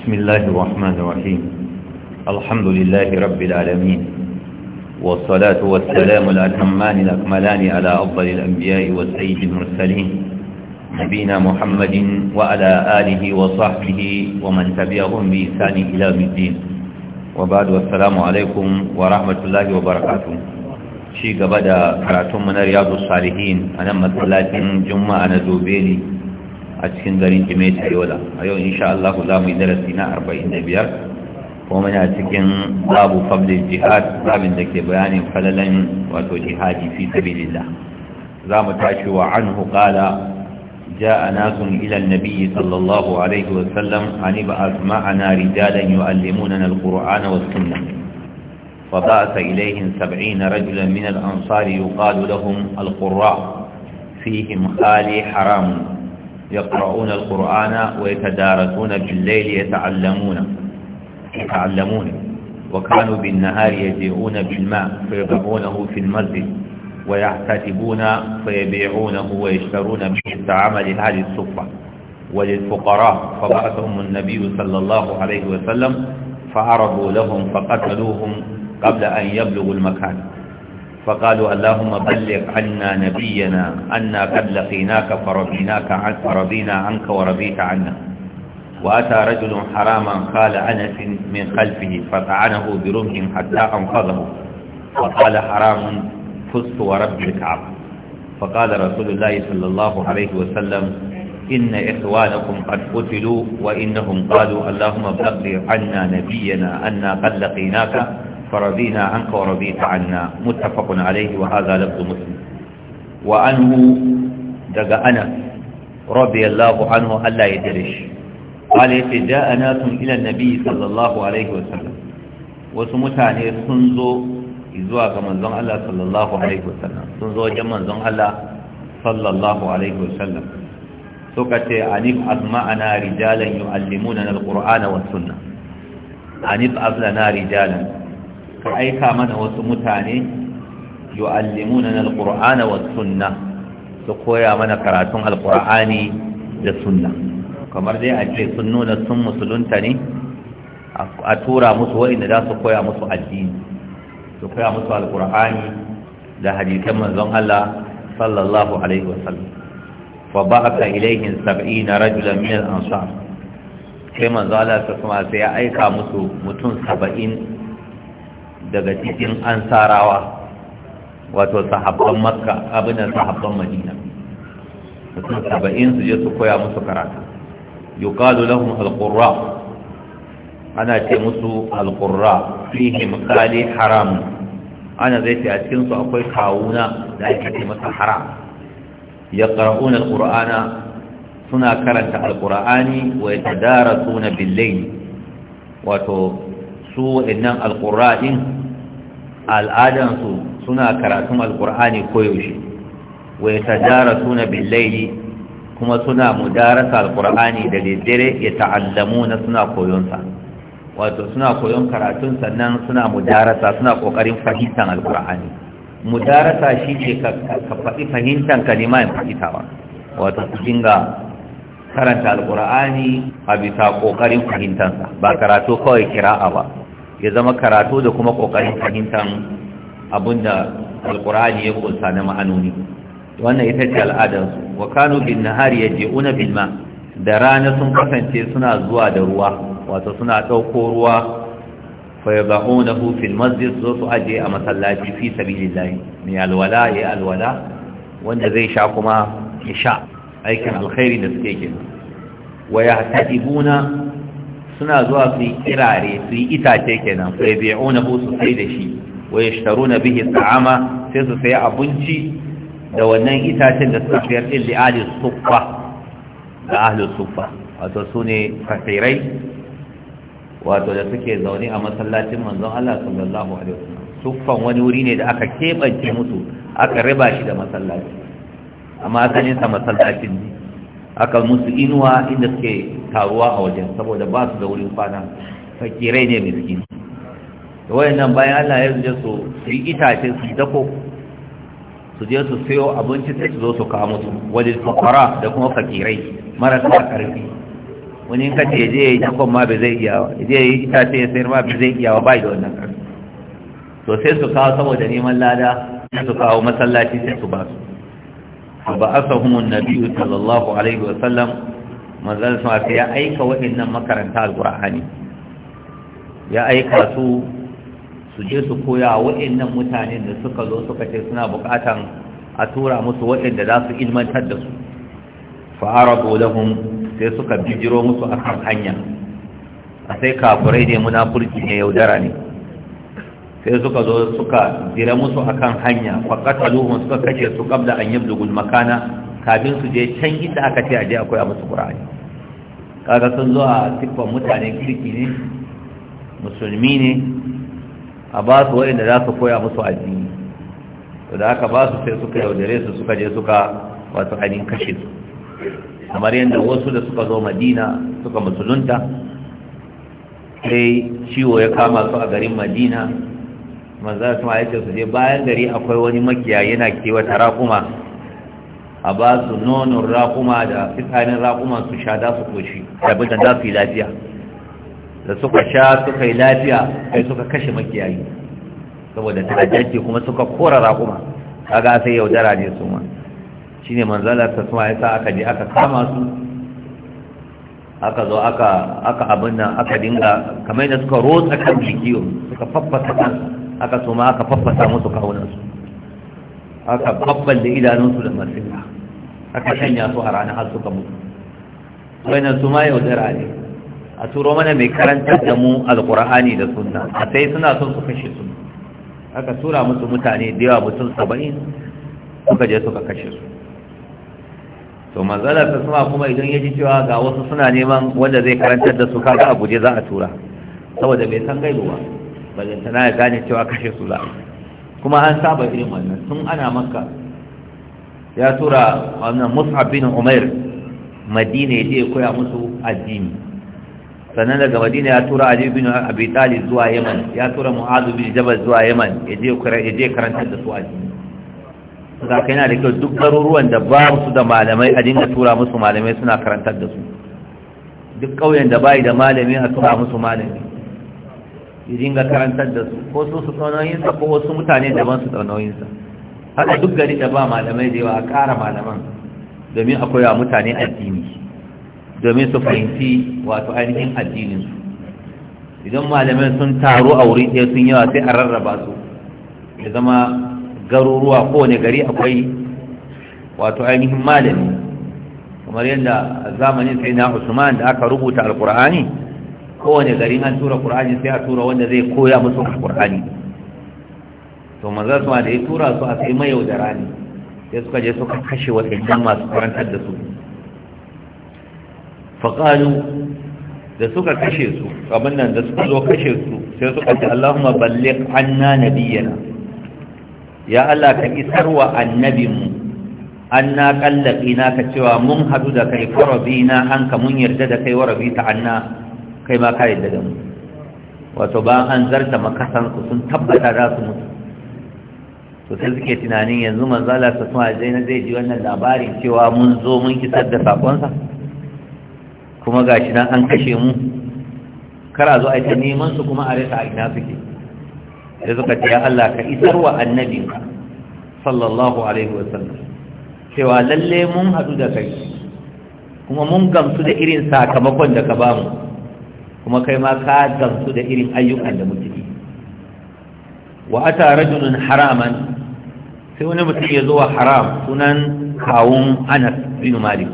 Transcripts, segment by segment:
بسم الله الرحمن الرحيم الحمد لله رب العالمين والصلاة والسلام الأتمان الأكملان على أفضل الأنبياء والسيد المرسلين نبينا محمد وعلى آله وصحبه ومن تبعهم بإحسان إلى الدين وبعد والسلام عليكم ورحمة الله وبركاته شيء قبل كراتم من رياض الصالحين أنا مثلات جمعة أنا زوبيلي a cikin garin jimaita yola a yau insha za mu yi darasi na biyar. kuma ya cikin babu fablin jihad babin da ke bayanin falalan wato jihadi fi sabilillah za mu tashi wa an hukala ja a nasun ilan Nabiyyu sallallahu alaihi wasallam a ni ba a suma ana rijalan yi wa limunan al-ƙura'ana wa sunna فبعث إليهم سبعين رجلا من الأنصار يقال لهم القراء فيهم خالي حرام يقرؤون القرآن ويتدارسون بالليل يتعلمون يتعلمون وكانوا بالنهار يجيئون بالماء فيضعونه في المسجد ويحتسبون فيبيعونه ويشترون به التعامل هذه الصفة وللفقراء فبعثهم النبي صلى الله عليه وسلم فعرضوا لهم فقتلوهم قبل أن يبلغوا المكان فقالوا اللهم بلغ عنا نبينا أنا قد لقيناك فرضيناك عن فرضينا عنك ورضيت عنا وأتى رجل حراما قال أنس من خلفه فطعنه برمح حتى أنقذه وقال حرام فزت ورب الكعب فقال رسول الله صلى الله عليه وسلم إن إخوانكم قد قتلوا وإنهم قالوا اللهم بلغ عنا نبينا أنا قد لقيناك فرضينا عنك ورضيت عنا متفق عليه وهذا لفظ مسلم وانه دغا انا رضي الله عنه الله يدرش قال جاء ناس الى النبي صلى الله عليه وسلم وسمتاني سنزو izuwa ga manzon Allah sallallahu alaihi wasallam sun zo ga manzon Allah sallallahu alaihi wasallam so kace anif asma'ana rijalan yu'allimuna al-qur'ana was-sunnah anif asma'ana rijalan ka aika mana wasu mutane yu'allimuna al-qur'ana wa sunna su koya mana karatun al-qur'ani da sunna kamar dai a ce sun nuna sun musulunta ne a tura musu wa'inda za su koya musu addini su koya musu al-qur'ani da hadisan manzon Allah sallallahu alaihi wasallam fa ba'atha ilayhim 70 rajulan min al-ansar sai manzo Allah ta kuma sai ya aika musu mutum saba'in. daga cikin ansarawa wato sahabban makka abinan sahabban madina mutum saba'in su je su koya musu karatu yuqalu lahum alqurra ana ce musu alqurra fihim qali haram ana zai ce a cikinsu akwai kawuna da ake ce masa haram yaqra'una alqur'ana suna karanta alqur'ani wa yatadarasuna suna layl wato su innan alqurra din al'adansu suna karatun alkur'ani koyaushe wai tajara suna billaili kuma suna mudarasa alkur'ani da dare ya ta'allamu na suna koyonsa wato suna koyon karatun sannan suna mudarasa suna kokarin fahimtar alkur'ani mudarasa shi ce ka faɗi fahimtar kalima in fahimtawa wato su dinga karanta alkur'ani a bisa kokarin fahimtansa ba karatu kawai kira'a ba ya zama karatu da kuma ƙoƙarin fahimtar abinda Alƙur'ani ya ƙunsa na ma'anoni wannan ita ce al'adarsu. wa kanu bin nahari je una bilma da rana sun kasance suna zuwa da ruwa wato suna ɗauko ruwa fa na hufin masjid zo su ajiye a masallaci fi sabilillah ni alwala ya alwala wanda zai sha kuma ya sha aikin alkhairi da suke kenan wa yahtadibuna suna zuwa su yi kirare su yi itace kenan su yabi ona ko su sai da shi shitaru na bihi ta'ama sai su sayi abinci da wannan itacen da suka sayar ɗin da ahli suffa da ahli suffa wato sune fasirai wato da suke zaune a masallacin manzon Allah sallallahu alaihi wasallam suffan wani wuri ne da aka keɓance musu aka riba shi da masallaci amma asalinsa masallacin ne aka musu inuwa inda suke taruwa a wajen saboda ba su da wurin kwana fakirai ne wayan nan bayan Allah ya zuje su su yi itace su dako su je su sayo abinci sai su zo su kawo musu wajen fakara da kuma fakirai marasa karfi wani in kace je yi dakon ma ba zai iya ba je yi itace ya sayar ma ba zai iya ba bai da wannan karfi to sai su kawo saboda neman lada su kawo masallaci sai su ba su فبعثهم النبي صلى الله عليه وسلم manzan su ya aika waɗannan makaranta alƙur'ani ya aika su su je su koya waɗannan mutanen da suka zo suka ce suna buƙatan a tura musu waɗanda za su ilmantar da su fa'ara lahum sai suka bijiro musu akan hanya a sai kafirai ne munafurci ne yaudara ne sai suka zo suka jira musu akan hanya wa qataluhum suka kashe su qabla an yablugu makana kafin su je can inda aka ce aje akwai musu qur'ani kaga sun zo a tiffan mutane kirki ne musulmi ne a ba su wa'inda za su koya musu addini to da aka ba su sai suka yaudare su suka je suka wato ainihin kashe su kamar yadda wasu da suka zo madina suka musulunta sai ciwo ya kama su a garin madina manzan su ya ce su je bayan gari akwai wani makiya yana kewata raƙuma a ba su nonon raƙuma da fitanin raƙuma su sha da su koshi rabin da za su yi lafiya da suka sha suka yi lafiya kai suka kashe makiyayi saboda ta'addanci kuma suka kora raƙuma kaga sai yaudara ne su ma shine Allah ta suma ya sa aka je aka kama su aka zo aka aka abin nan aka dinga kamar da suka rotsa kan jikiyo suka faffata kansu aka suma aka faffasa musu kawunansu aka babballe idanunsu da masira aka shanya su a ranar har suka mutu wannan su ma yaudara ne a turo mana mai karantar da mu alkur'ani da sunna a sai suna son su kashe su aka tura musu mutane da yawa mutum saba'in suka je suka kashe su to manzala ta suma kuma idan ya ji cewa ga wasu suna neman wanda zai karantar da su kaga a guje za a tura saboda bai san gaibu ba balantana ya gane cewa kashe su za kuma an saba irin wannan tun ana maka. ya tura wannan mus'ab bin umair madina ya je koya musu addini sannan daga madina ya tura ali bin abi talib zuwa yaman ya tura mu'adh bin jabal zuwa yaman ya je karanta da su addini saboda kai yana da kyau duk garuruwan da ba su da malamai a dinga tura musu malamai suna karantar da su duk ƙauyen da bai da malami a tura musu malami ringa dinga karantar da su ko su su sa, ko wasu mutane daban su sa. haka duk gari da ba malamai da yawa a ƙara malaman domin a koya mutane addini domin su fahimci wato ainihin addininsu idan malamai sun taru a wuri ɗaya sun yawa sai a rarraba su ya zama garuruwa kowane gari akwai wato ainihin malami kamar yadda a zamanin sai na usman da aka rubuta alkur'ani kowane gari an tura ƙur'ani, sai a tura wanda zai koya musu ƙur'ani. to maza su da ya tura su a sai mayau da rani sai suka je suka kashe wadannan masu karantar da su faƙalu da suka kashe su abin nan da suka zo kashe su sai suka ce Allahumma balligh anna nabiyyana ya Allah ka isarwa annabinmu anna na ka cewa mun hadu da kai na, an ka mun yarda da kai warabi ta anna kai ma ka yadda da mu wato ba an zarta makasan ku sun tabbata za su mutu to sai suke tunanin yanzu manzo Allah ta kuma zai na zai ji wannan labarin cewa mun zo mun kisar da sakonsa kuma gashi nan an kashe mu kara zo aita neman su kuma a rasa a ina suke da suka ce ya Allah ka isar wa annabinka. sallallahu alaihi wa sallam cewa lalle mun hadu da kai kuma mun gamsu da irin sakamakon da ka bamu kuma kai ma ka gamsu da irin ayyukan da muke yi wa ata rajulun haraman sai wani mutum ya zo wa haram sunan kawun anas bin malik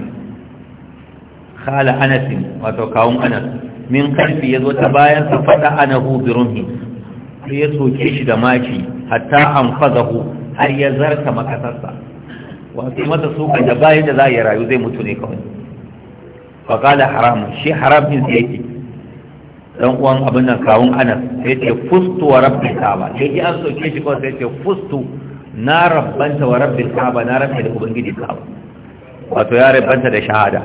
khala anas wato kawun anas min karfi ya zo ta bayan sa fada anahu bi rumhi sai ya soke shi da maki hatta an fazahu har ya zarta makasarsa wato mata suka da bayan da za a yi rayu zai mutu ne kawai faƙala haramun shi haram din sai yake dan uwan abin nan kawun anas sai ce fustu wa rabbil kaaba sai ji an soke shi ko sai ce fustu na rabbanta wa rabbil kaaba na rabbi da ubangiji kaaba wato ya rabbanta da shahada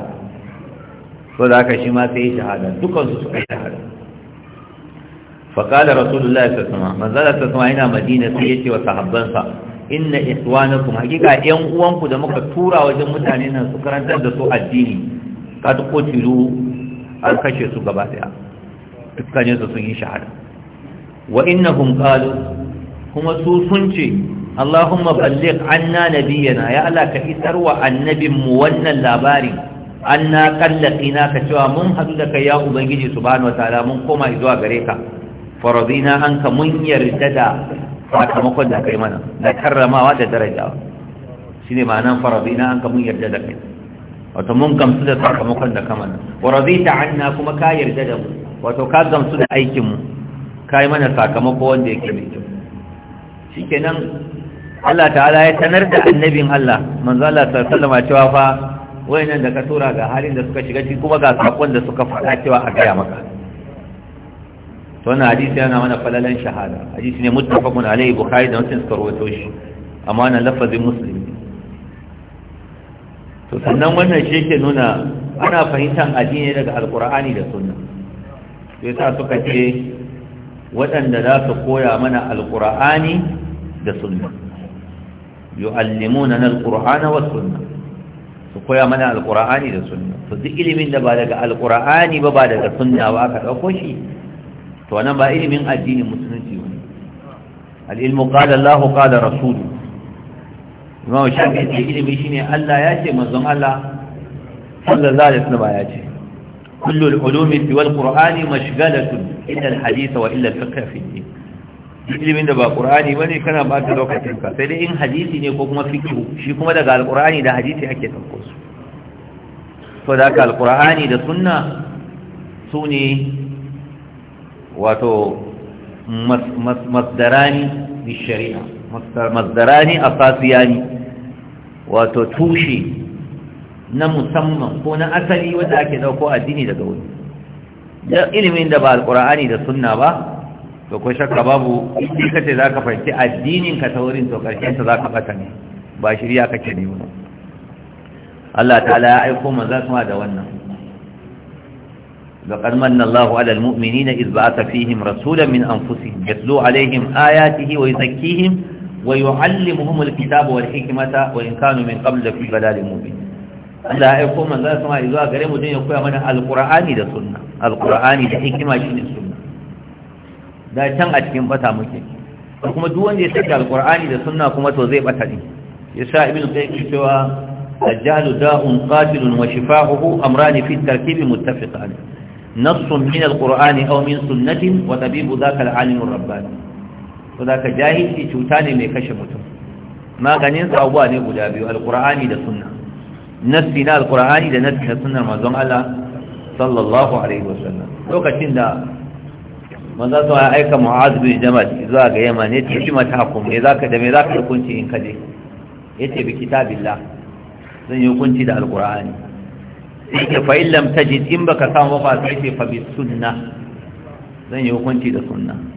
so da haka shi ma sai shahada dukan su suka shahada fa qala rasulullahi sallallahu alaihi wasallam manzala sallallahu ina madina sai ya ce wa sahabbansa inna ikhwanakum hakika yan ku da muka tura wajen mutane nan su karantar da su addini tuko tiru an kashe su gaba daya dukkaninsu sun yi shahada wa innahum qalu kuma su sun ce Allahumma balligh anna nabiyyana ya Allah ka isar wa annabinmu wannan labari anna kallakina ka cewa mun hadu da kai ya ubangiji subhanahu wataala mun koma zuwa gare ka faradina anka mun yarda da sakamakon da kai mana da karramawa da darajawa shine ma'anan faradina anka mun yarda da kai Wata mun gamsu da sakamakon da kamana wa radita anna kuma ka yarda da mu wato ka gamsu da aikinmu ka yi mana sakamako wanda yake mai kyau shi kenan Allah ta'ala ya sanar da annabin Allah manzo Allah wasallam cewa fa wayannan da ka tura ga halin da suka shiga ciki kuma ga sakon da suka faɗa cewa a gaya maka to wannan hadisi yana mana falalan shahada hadisi ne muttafaqun alaihi bukhari da muslim suka rawaito shi amma na lafazin muslim to sannan wannan shi yake nuna ana fahimtar addini daga alqur'ani da sunna Sai sa suka ce waɗanda za su koya mana alƙur'ani da sunna yu'allimuna alqur'ana was sunna su koya mana alqur'ani da sunna Su duk ilimin da ba daga alqur'ani ba ba daga sunna ba aka dauko shi to nan ba ilimin addinin musulunci ba Al'ilmu ilmu qala Allah qala rasul imam shafi'i ilimi shine Allah ya ce manzon Allah sallallahu alaihi wasallam ya ce كل العلوم سوى القرآن مشغلة إلا الحديث وإلا الفقه في الدين ilimin da ba qur'ani bane kana ba ta lokacin ka sai dai in hadisi ne ko kuma fiqh shi kuma daga alqur'ani da hadisi ake dauko su to da ka alqur'ani da sunna su ne wato masdarani bi shari'a masdarani asasiyani wato tushe na musamman ko na asali wanda ake ɗauko addini daga wani da ilimin da ba alkur'ani da sunna ba to ko shakka babu idan kace zaka fanci addinin ka taurin to karshen ta zaka bata ne ba shirya kake ne mun Allah ta'ala ya aiko manzo kuma da wannan laqad manna Allah ala almu'minina iz ba'atha fihim rasulan min anfusihim yatlu alaihim ayatihi wa yuzakkihim wa yu'allimuhum alkitaba wal hikmata wa in kanu min qabl la fi dalalin mubin Allah ya aiko manzo ya sama zuwa gare mu don ya koya mana alqur'ani da sunna alqur'ani da hikima ne sunna da can a cikin bata muke kuma duk wanda ya saka alqur'ani da sunna kuma to zai bata ne yasa ibnu qayyim cewa الجهل داء قاتل وشفاعه أمران في التركيب متفق عليه نص من القرآن أو من سنة وطبيب ذاك العالم الرباني وذاك جاهل في شوتان من ما غنينت أبواني قدابي القرآن لسنة nassi na alqur'ani da nassi na sunnar manzon Allah sallallahu alaihi wasallam lokacin da manzo sa ya aika mu'az bin jabal zuwa ga yaman ne ce shi mata hukum me zaka da me zaka hukunci in kaje yace bi kitabillah zan yi hukunci da alqur'ani yace fa in lam tajid in baka samu ba sai fa bi sunna zan yi hukunci da sunna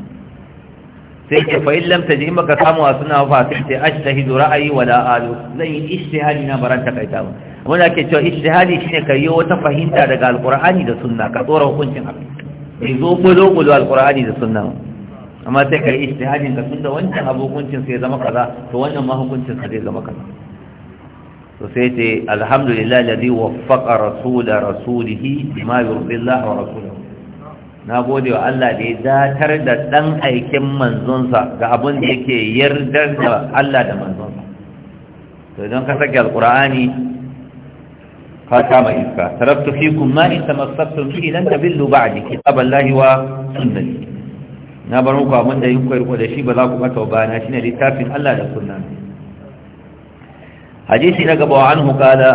sai ke fa illam taji in baka samu a suna fa sai ta ajtahidu ra'ayi wala alu zan yi ijtihadi na baranta baran takaita ba wanda ake cewa shi ne ka yi wata fahimta daga alqur'ani da suna ka tsora hukuncin abin bai zo kulo kulo alqur'ani da suna. amma sai ka yi ijtihadin ka tunda wancan abokuncin sai zama kaza to wannan ma hukuncin sa zai zama kaza to sai ce alhamdulillah alladhi waffaqa rasula rasulihi bima yurdi Allah wa rasuluhu na gode wa Allah da ya datar da ɗan aikin manzonsa ga abin da yake yardar da Allah da manzonsa to don ka sake alkur'ani ka kama iska tarabtu fi kuma in tamassaktum bihi lan tabillu ba'di kitaballahi wa sunnati na bar muku abin da yin koyar da shi ba za ku bata ba na shine littafin Allah da sunna hadisi na gaba anhu kala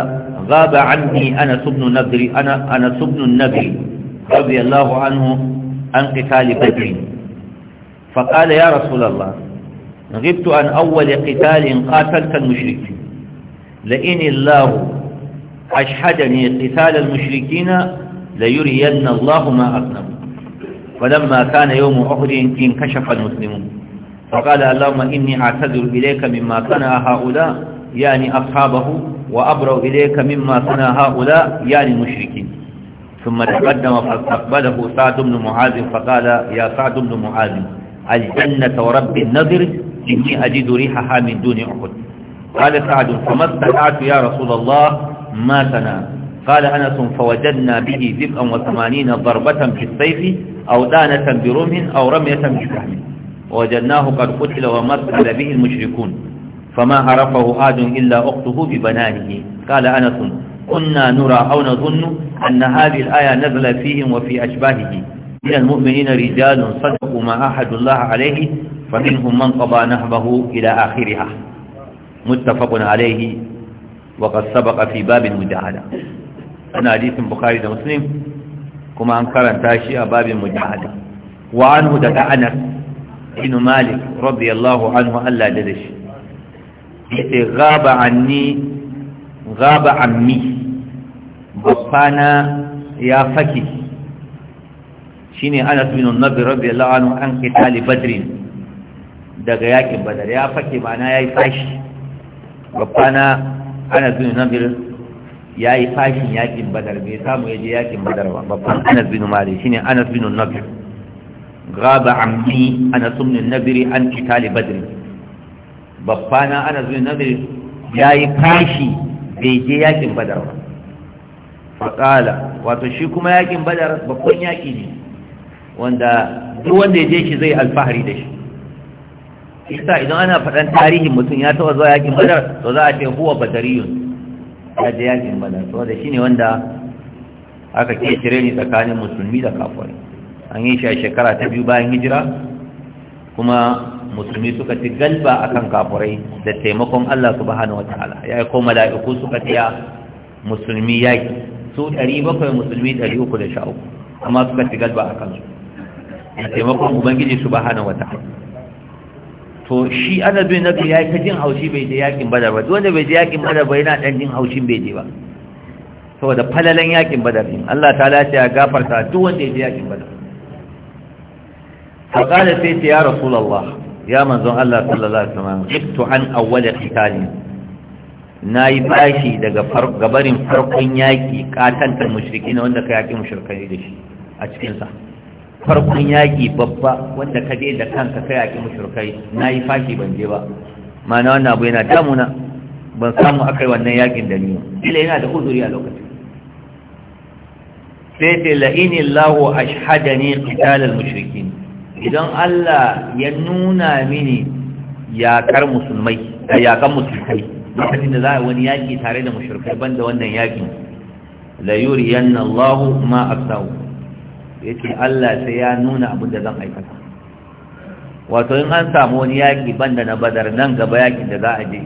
غاب عني أنس بن النبري أنا أنس بن النبري رضي الله عنه عن قتال بدر فقال يا رسول الله غبت عن أول قتال قاتلت المشركين لئن الله أشهدني قتال المشركين ليرين الله ما أصنعوا فلما كان يوم أحد انكشف المسلمون فقال اللهم إني أعتذر إليك مما صنع هؤلاء يعني أصحابه وأبرأ إليك مما صنع هؤلاء يعني المشركين ثم تقدم فاستقبله سعد بن معاذ فقال يا سعد بن معاذ الجنة ورب النذر إني أجد ريحها من دون أحد قال سعد فما استطعت يا رسول الله ما تنام قال أنس فوجدنا به ذبئا وثمانين ضربة بالسيف أو دانة برمه أو رمية بسهم وجدناه قد قتل ومثل به المشركون فما عرفه آد إلا أخته ببنانه قال أنس كنا نرى أو نظن أن هذه الآية نزل فيهم وفي أشباهه من المؤمنين رجال صدقوا ما أحد الله عليه فمنهم من قضى نهبه إلى آخرها متفق عليه وقد سبق في باب المجاهدة أنا حديث بخاري ومسلم كما أنكر تاشي باب المجاهدة وعنه دقى أنس بن مالك رضي الله عنه ألا ددش غاب عني gaba ammi babbana ya faki shine Anas bin Nabi radiyallahu anhu an qitali Badr daga yakin Badar ya fake mana yayi fashi babbana Anas bin Nabi yayi fashin yakin Badar bai samu yaje yakin Badar ba babban Anas bin Malik shine Anas bin Nabi gaba ammi Anas bin Nabi an qitali Badr babbana Anas bin Nabi yayi fashi bai je yakin badar ba faƙala wato shi kuma yakin badar babban yaƙi ne wanda duk wanda ya je shi zai alfahari da shi isa idan ana faɗan tarihin mutum ya taɓa zuwa yakin badar to za a ce huwa batariyun ya je yakin badar to da shi ne wanda aka ke cire ni tsakanin musulmi da kafirai an yi shi a shekara ta biyu bayan hijira kuma musulmi suka ci galba akan kafurai da taimakon Allah subhanahu wataala ya ko mala'iku suka tiya musulmi yaki su 700 musulmi 313 amma suka ci galba akan su da taimakon ubangiji subhanahu wataala to shi ana nabi ya ta jin haushi bai je yakin badar ba wanda bai je yakin badar ba yana dan jin haushin bai je ba saboda falalan yakin badar din Allah ta lace ya gafarta duk wanda ya je yakin badar fa qala sai ya rasulullah ya manzon Allah sallallahu alaihi wasallam iktu an awwal qitalin nayi bashi daga gabarin farkon yaki katantar mushrikin wanda ka yaki mushrikai da shi a cikin sa farkon yaki babba wanda ka je da kanka ka yaki mushrikai nayi fashi ban je ba Mana wannan abu yana damuna ban samu akai wannan yakin da ni ila yana da uzuri a lokacin sai ta la'ini Allahu ashhadani al mushrikin idan Allah ya nuna mini yakar musulmai da yakan musulmai lokacin da za a wani yaƙi tare da ban banda wannan yaƙin la yuriyanna Allahu ma asaw yace Allah sai ya nuna abin da zan aikata wato in an samu wani yaƙi banda na Badar nan gaba yaƙin da za a je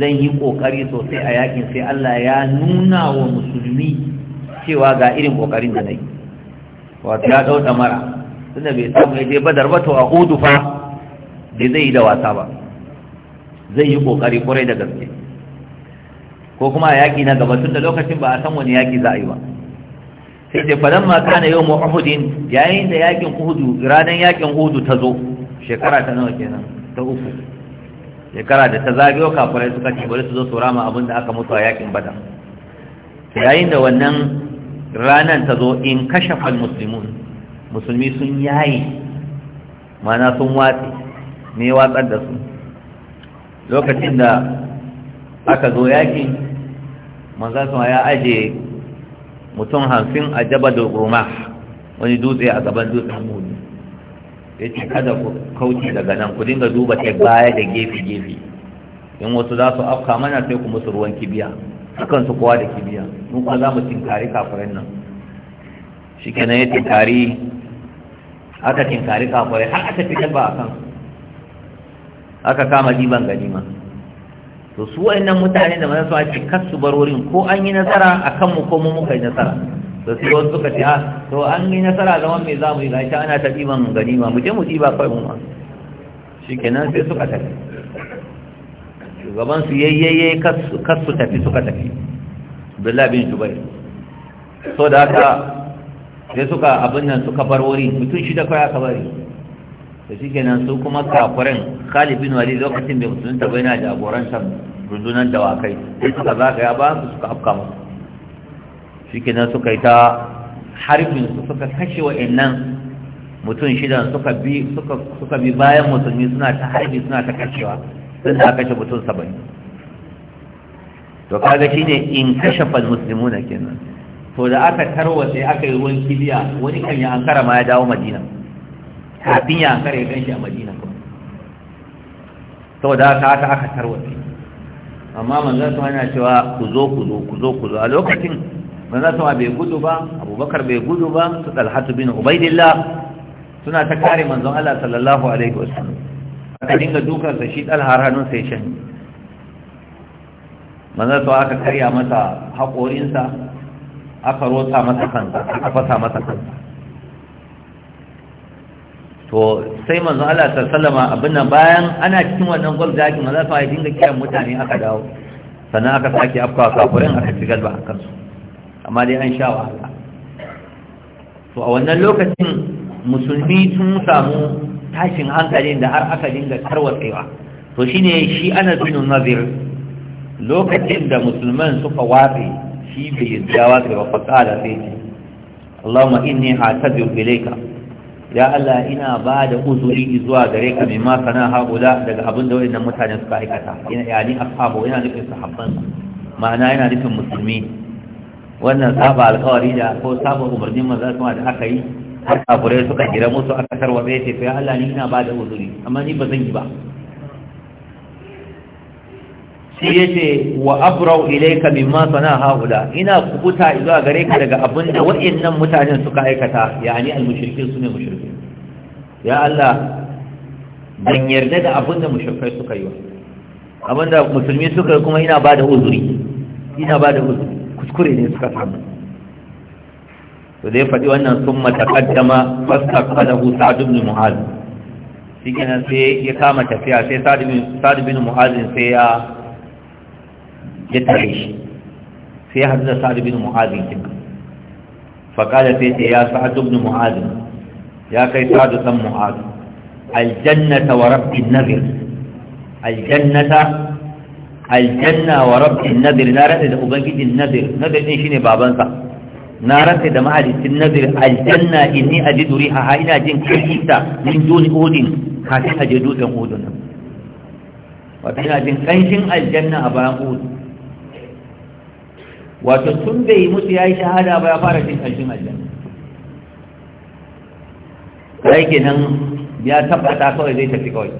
zan yi kokari sosai a yaƙin sai Allah ya nuna wa musulmi cewa ga irin kokarin da nayi wato ya dau mara tunda bai samu ya je badar ba to a hudu fa da zai yi da wasa ba zai yi kokari kwarai da gaske ko kuma a yaƙi na gaba tun da lokacin ba a san wani yaƙi za a yi ba sai ce fadan ma kana yau mu'ahudin yayin da yaƙin hudu ranar yaƙin hudu ta zo shekara ta nawa kenan ta uku shekara da ta zagayo kafirai suka ce bari su zo su rama abin da aka mutu a yaƙin badar yayin da wannan ranar ta zo in kashe fal musulmi sun yayi mana sun watsi ne watsar da su lokacin da aka zo yaƙi manzan sama ya aje mutum hamsin a jaba da roma wani dutse a gaban dutsen muni ya ce kada ku kauce daga nan ku dinga duba ta baya da gefe-gefe in wasu za su afka mana sai ku musu ruwan kibiya sukan su kowa da kibiya mun kuma za mu tinkari kafirin nan shi kenan ya tinkari aka tinkari kafare har aka fitar ba a kan aka kama diban ganima to su wa'annan mutane da manzo a ce kasu barorin ko an yi nasara a kanmu ko mu muka yi nasara to sai wasu suka ce ah to an yi nasara zaman me za mu yi gashi ana ta diban ganima mu je mu ba kai mu ma shi kenan sai suka tafi shugaban su yayyaye kasu tafi suka tafi Abdullah bin Jubair so da haka sai suka abin nan suka bar wuri mutum shida kawai aka bari da shi nan su kuma kafirin khalifin wali lokacin da ta bai na jagorantar rundunar dawakai sai suka ya ba su suka afka musu shi nan suka yi ta harbin su suka kashe innan mutum shidan suka bi suka bi bayan musulmi suna ta harbi suna ta kashewa sun da kashe mutum saba'in to kaga shine in kashafa muslimuna kenan to da aka sai aka yi ruwan kibiya wani kan ya ankara ma ya dawo madina kafin ya ankara ya gan shi a madina to da aka aka aka sai amma manzon su yana cewa ku zo ku zo ku zo ku zo a lokacin manzon sama bai gudu ba abubakar bai gudu ba su talhatu bin ubaidillah suna ta kare manzon Allah sallallahu alaihi wasallam aka dinga dukar da shi talhar hannun sai shan manzon sama aka karya masa haƙorinsa aka rotsa masa kansa aka fasa masa kansa to sai manzo Allah sallama abin nan bayan ana cikin wannan gwal da yake maza fa dinga kiran mutane aka dawo sannan aka sake afka kafirin aka ci galba a kansu amma dai an sha wahala to a wannan lokacin musulmi sun samu tashin hankali da har aka dinga tarwatsewa to shine shi ana bin nazir lokacin da musulman suka watsi shi bai yaddawa tsayawa kai ba faƙala sai ce Allahumma inni hatabiru ilayka ya Allah ina ba da uzuri zuwa gare ka mimma sana haula daga abin da wayannan mutane suka aikata ina yani ashabu ina nufin sahabban ma'ana yana nufin musulmi wannan saba alƙawari da ko saba umarnin manzo kuma da aka yi har kafirai suka musu aka tarwatsa ya ce ya Allah ni ina ba da uzuri amma ni ba zan yi ba sai ya ce wa abrau ilaika mimma sana haula ina kubuta zuwa gare ka daga abin da waɗannan mutanen suka aikata yani ni mushrikin su ne mushrikin ya Allah ban yarda da abin da mushrikai suka yi wa abin da musulmi suka yi kuma ina ba da uzuri ina ba da uzuri kuskure ne suka samu to dai faɗi wannan sun matakaddama fasta kalahu a ibn mu'az shi kenan sai ya kama tafiya sai Sadubin ibn sai ya ya في shi sai بن معاذ فقال sa'ad يا سعد بن معاذ يا ya سعد بن mu'adh الجنة ورب النذر الجنة الجنة ورب النذر نارت إذا أبنجد النذر نذر إن شيني بابنسا نارت إذا ما أجدت النذر الجنة إني أجد ريحها إن أجد كيسة من دون أودن كاتي أجدوت أودنا وتحين أجد كيسة الجنة أبان أودن wato tun bai mutu ya yi shahada ba ya fara cin ƙarshen aljanna kai kenan ya tabbata kawai zai tafi kawai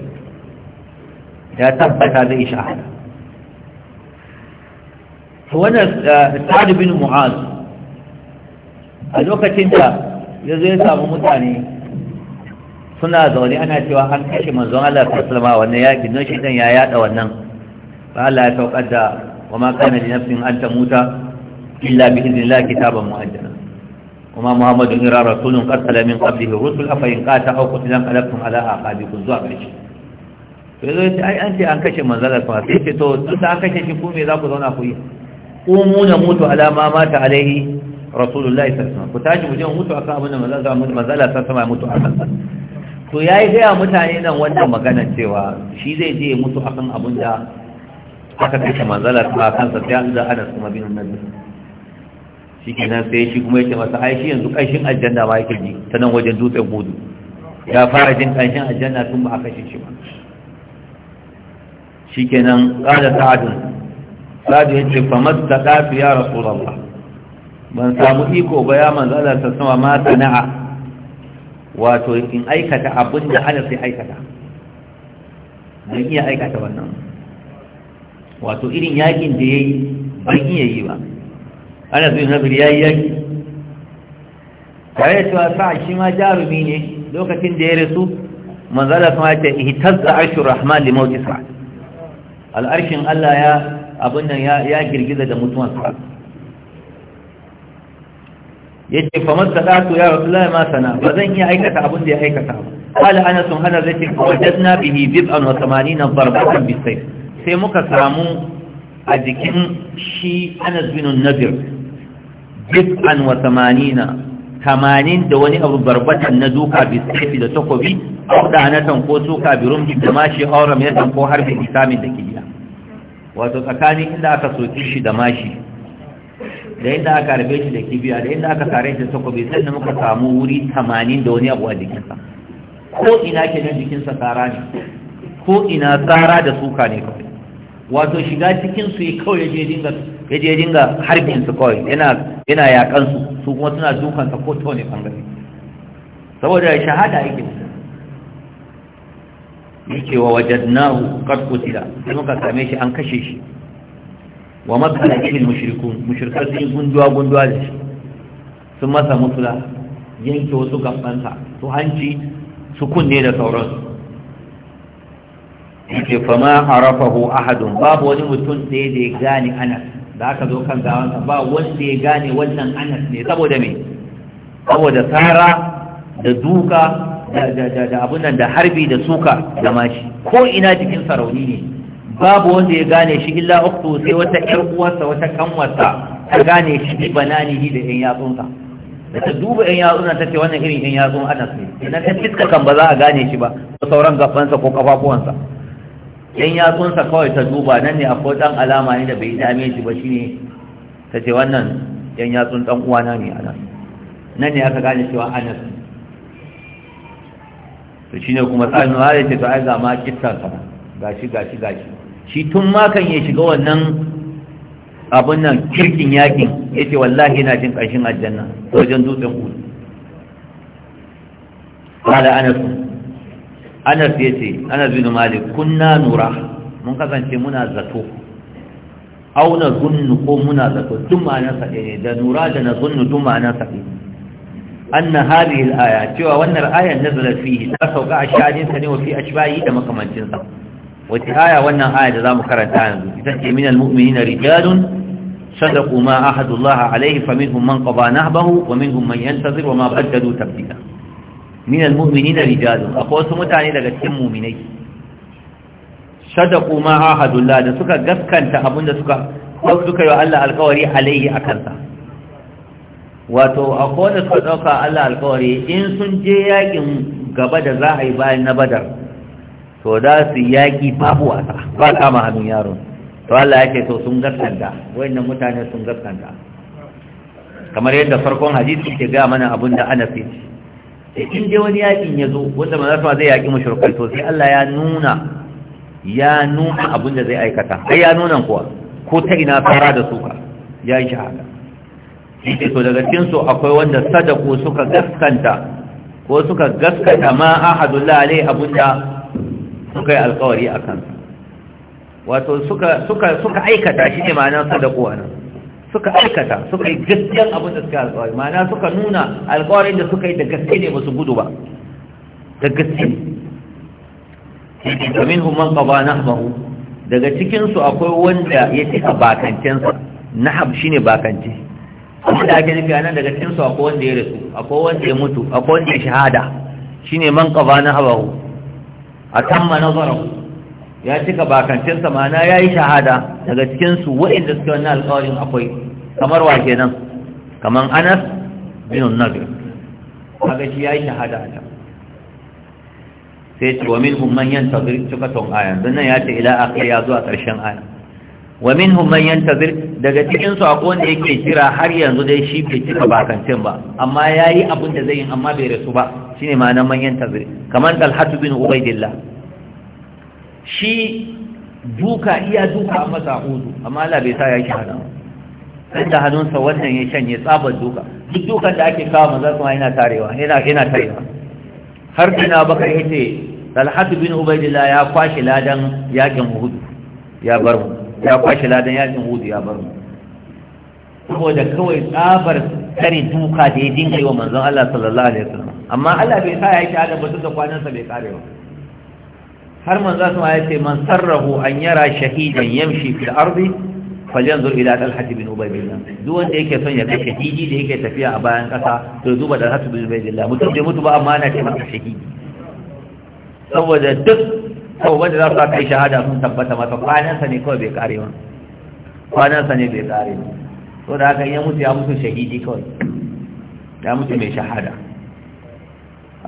ya tabbata zai shahada wannan eh, sa'ad bin mu'az a lokacin da ya zo ya samu mutane suna zaune ana cewa an kashe manzon Allah salama wannan ya gidan shi dan ya yada wannan ba Allah ya saukar da wa ma kana li nafsin an ta muta illa bi idhnillah kitaban mu'ajjala kuma muhammadu ira rasulun qad sala min qablihi rusul afa in qata aw qutila qalaqtum ala aqabikum zuwa karshe to yazo ai an ce an kashe manzala sa sai ce to duk da an kashe shi ku me za ku zauna ku yi qumu na mutu ala ma mata alaihi rasulullahi sallallahu alaihi wasallam ku tashi mu je mutu akan abin da manzala sa sama mutu akan sa to ya yi gaya mutane nan wannan magana cewa shi zai je mutu akan abin da aka kashe manzalar ta kansa sai an da ana kuma bin annabi shi nan sai shi kuma yake masa ai shi yanzu ƙanshin aljanna ma yake ji ta nan wajen dutsen gudu ya fara jin ƙanshin aljanna tun ba a kashe shi ba shi nan ƙada sa'adun sa'adun ya ce famar da ɗafi ya rasulallah ban samu iko ba ya manzo Allah ta sama ma sana'a wato in aikata abin da ana sai aikata ban iya aikata wannan wato irin yakin da ya yi ban iya yi ba ana zuwa nazir ya yi yaki tare da cewa sa'ad shi ma jarumi ne lokacin da ya rasu manzala kuma ya ce da arshur rahman li mawti sa'ad al'arshin Allah ya abin nan ya girgiza da mutuwan sa'ad yace fa masadatu ya rasu rasulullah ma sana ba zan iya aikata abin da ya aikata ba qala ana sun hada zai ce wajadna bihi bid'an wa na darbatan bisayf sai muka samu a jikin shi Anas bin Nadir jis'an wa samanina tamanin da wani abu barbatan na duka bi da takobi auɗa na ko suka bi da mashi auram ya ko harbin isamin da kiliya wato tsakanin inda aka soki shi da mashi da inda aka harbe shi da kibiya da inda aka tare shi da takobi na muka samu wuri tamanin da wani abu a jikinsa ko ina ke jikinsa tsara ne ko ina tsara da suka ne kawai wato shiga cikin su ya kawai yaje dinga yaje dinga harbin su kawai yana yana yakan su su kuma suna dukan sa ko tone bangare saboda shahada yake musu yake wa wajadnahu qad qutila sai muka same shi an kashe shi wa makala ilil mushrikun mushrikai sun gunduwa gunduwa da shi sun masa mutula yanke wasu gabansa su hanci su kunne da sauransu yake fama harafahu ahadun babu wani mutum ɗaya da ya gane anas da aka zo kan gawansa ba wanda ya gane wannan anas ne saboda me saboda tsara da duka da abun nan da harbi da suka da mashi ko ina jikin sarauni ne babu wanda ya gane shi illa uktu sai wata ƴar uwarsa wata kanwarsa ta gane shi bananihi da ƴan yatsunsa da ta duba ƴan yatsun ta ce wannan irin ƴan yatsun anas ne idan ta fiska kan ba za a gane shi ba sauran gabansa ko kafafuwansa yan yatsunsa kawai ta duba nan ne akwai ɗan alama ne da bai dame shi ba shine ta ce wannan yan yatsun ɗan uwana ne a nan ne aka gane cewa anas to shine kuma tsarin ya ce to ai ga ma kittan gashi gashi gashi shi tun ma kan ya shiga wannan abun nan kirkin yakin ya ce wallahi yana jin ƙarshen aljanna wajen dutsen hudu قال أنس Anas yace Anas bin Malik kunna nura mun kasance muna zato au na ko muna zato duk ma'anar sa ne da nura da na gunnu duk ma'anar sa ne anna hadhihi al-aya cewa wannan aya nazala fihi ta sauka a shadin ne wa a ashbahi da makamancin wace aya wannan aya da za mu karanta yanzu ita ce minal mu'minina rijalun صدقوا ما عهد الله عليه فمنهم من قضى نهبه ومنهم من ينتظر وما بدلوا تبديلا min almu'minina rijalun akwai wasu mutane daga cikin mu'minai sadaqu ma ahadullah da suka gaskanta abinda suka suka yi wa Allah alƙawari alaihi akan sa wato akwai da suka dauka Allah alƙawari in sun je yakin gaba da za a yi bayan na badar to da su yaki babu wasa ba kama hannun yaro, to Allah ya ce to sun gaskanta wayannan mutane sun gaskanta kamar yadda farkon hadisi ke ga mana abin da Anas ya ce in dai wani yakin ya zo wanda manzon zai yaƙi mushrikai to sai Allah ya nuna ya nuna abin da zai aikata ai ya nuna kuwa ko ta ina fara da suka ya yi shahada yake so daga cikin su akwai wanda sadaku suka gaskanta ko suka gaskata ma ahadullah alai abunda suka yi alkawari akan wato suka suka suka aikata shi ne ma'anar sadaku anan suka aikata suka yi gaskiyar abin da suka alƙawari ma'ana suka nuna alƙawarin da suka yi da gaske ne ba su gudu ba da gaske ne kamin man qaba nahbahu daga cikin su akwai wanda ya ci a bakancensa. sa nahab shine bakanci. amma da ake nufi anan daga cikin su akwai wanda ya rasu akwai wanda ya mutu akwai wanda ya shahada shine man qaba nahbahu atamma nazarahu ya cika bakancinsa ma'ana ya yi shahada daga cikinsu waɗanda suke wannan alƙawarin akwai kamar wa kenan kamar anas bin nabi kaga shi ya yi shahada a can sai ce wa min humman yan cika cikakon aya don nan ya ce ila akhir ya zuwa ƙarshen aya wa min humman yan tazir daga cikinsu akwai wanda yake kira har yanzu dai shi bai cika bakancin ba amma ya yi abin da zai yi amma bai rasu ba shine ma'anar man yan tazir kamar talhatu bin ubaidillah shi duka iya duka masa hudu amma Allah bai sa ya yi hana sai da hannunsa wannan ya shanye tsabar duka duk dukan da ake kawo maza kuma yana tarewa yana yana tarewa har kina baka yace Talhat bin Ubaidillah ya kwashi ladan yakin hudu ya bar mu ya kwashi ladan yakin hudu ya bar mu saboda kawai tsabar tare duka da ya dinga yi wa manzon Allah sallallahu alaihi wasallam amma Allah bai sa ya yi hada ba duk da kwanansa bai karewa har manzo sun ya ce man sarrahu an yara shahidan yamshi fil ardi falyanzur ila talhat bin ubay bin duk wanda yake son ya ga shahidi da yake tafiya a bayan kasa to duba da hatu bin ubay bin mutum da mutu ba amma na ce masa shahidi saboda duk saboda za su kai shahada sun tabbata masa kwanan sa ne kawai bai kare ba sa ne bai kare ba to da haka ya mutu ya mutu shahidi kawai ya mutu mai shahada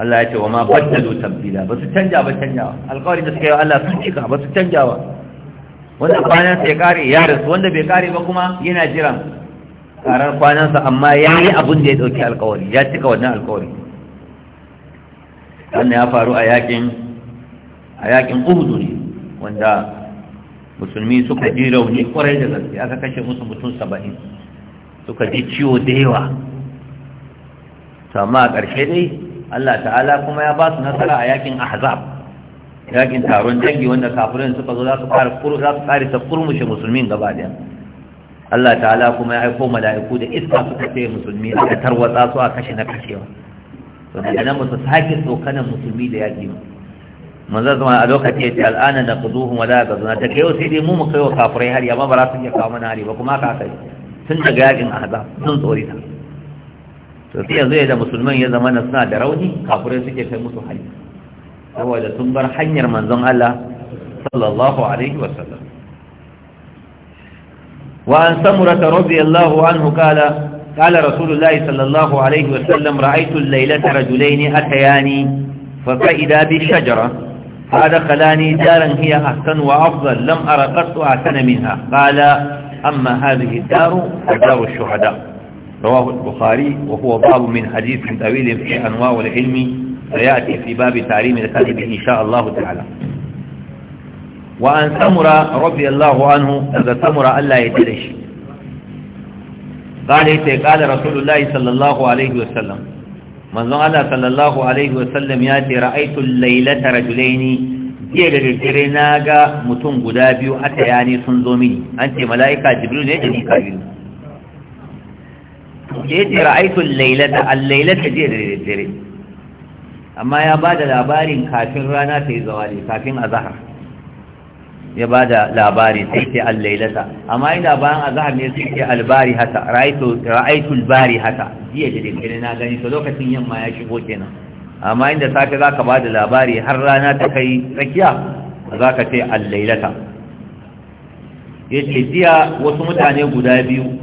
Allah ya ce wa ma baddalu tabdila ba su canja ba canjawa Alƙawari da suka yi Allah sun cika ba su canjawa wanda sa ya kare ya rasu wanda bai kare ba kuma yana jiran karar sa amma ya yi abin da ya ɗauki alƙawari. ya cika wannan alƙawari. wannan ya faru a yakin a yakin uhudu ne wanda musulmi suka ji rauni kwarai da gaske aka kashe musu mutum saba'in suka ji ciwo da yawa amma a ƙarshe dai Allah ta'ala kuma ya ba su nasara a yakin ahzab yakin taron dangi wanda kafirin suka zo za su fara kuru za su tsari ta kurmushe musulmin gaba daya Allah ta'ala kuma ya aiko mala'iku da iska suka ce musulmi suka tarwatsa su a kashe na kashewa to daga nan musu sake tsokanan musulmi da yaki ba zama a lokaci yace al'ana da quduhum wa la gazuna ta kai sai dai mu mu kai wa kafirai hari amma ba za su iya kawo mana hari ba kuma haka tun daga yakin ahzab sun tsorita to sai yanzu da musulman ya zama suna da rauni kafirai suke kai musu hari saboda sun bar hanyar manzon Allah sallallahu alaihi wasallam وعن سمرة رضي الله عنه قال قال رسول الله صلى الله عليه وسلم رأيت الليلة رجلين أتياني فقئدا بالشجرة فأدخلاني دارا هي أحسن وأفضل لم أرى قط أحسن منها قال أما هذه الدار فدار الشهداء رواه البخاري وهو باب من حديث طويل في أنواع العلم سيأتي في باب تعليم الكذب إن شاء الله تعالى وأن سمر رضي الله عنه إذا سمر ألا يدرش قال قال رسول الله صلى الله عليه وسلم من الله صلى الله عليه وسلم ياتي رأيت الليلة رجلين jiya da daddare na ga mutum guda biyu a tayani sun zo mini an ce mala'ika jibril ne da mika'ilu ke ce ra'aitun lailata allailata je da dare amma ya ba da labarin kafin rana ta yi zawali kafin azahar ya ba da labari sai ce allailata amma ina bayan azahar ne sai ce albari hata ra'aitul bari hata jiya da dare na gani to lokacin yamma ya shigo kenan amma inda safe za ka ba da labari har rana ta kai tsakiya za ka ce allailata ya ce jiya wasu mutane guda biyu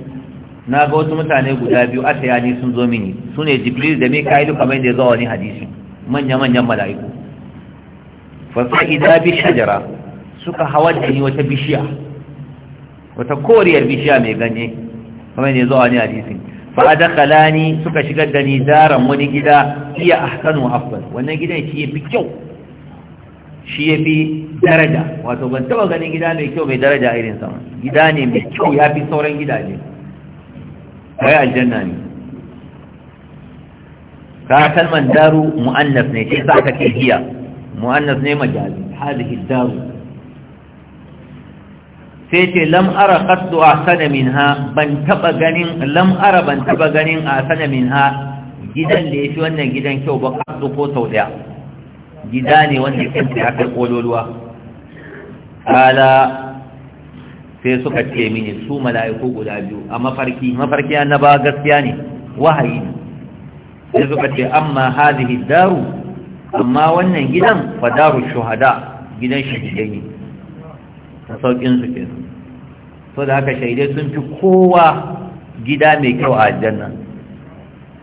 na ga wasu mutane guda biyu asaya ni sun zo mini su ne jibril da mika'ilu kamar da ya zuwa wani hadisi manya-manyan mala'iku fasa Idan bi shajara suka hawa da ni wata bishiya wata koriyar bishiya mai ganye kamar da ya zuwa wani hadisi fa adakhala ni suka shigar da ni daran wani gida iya ahsanu afdal wannan gidan shi ya fi kyau shi ya fi daraja wato ban taba ganin gida mai kyau mai daraja irin sama. gida ne mai kyau ya fi sauran gidaje kai aljanna ne ka kalman daru mu'annas ne sai sa ce hiya mu'annas ne majazi hadhihi daru sai ce lam ara qaddu ahsana minha ban taba ganin lam ara ban taba ganin ahsana minha gidan da yafi wannan gidan kyau ba qaddu ko sau daya gida ne wanda yake da ya kai kololuwa ala sai suka ce mini su mala'iku guda biyu a mafarki mafarki annaba gaskiya ne wahayi sai suka ce amma hadhihi daru amma wannan gidan fa daru shuhada gidan shahidai ne ta saukin su ke so da haka shaidai sun fi kowa gida mai kyau a aljanna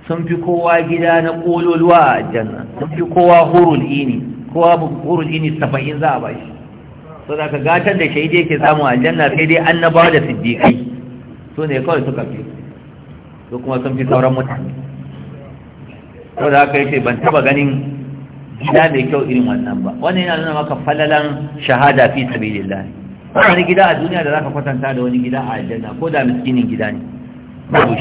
sun fi kowa gida na kololuwa a aljanna sun fi kowa hurul ini kowa hurul ini saba'in za a bashi so da ka gatar da shaidi yake samu aljanna sai dai annabawa da siddiqai So ne kawai suka fi So kuma sun fi sauran mutane so da haka ce ban taba ganin gida mai kyau irin wannan ba wannan yana nuna maka falalan shahada fi sabilillah wani gida a duniya da zaka kwatanta da wani gida a aljanna ko da miskinin gida ne babu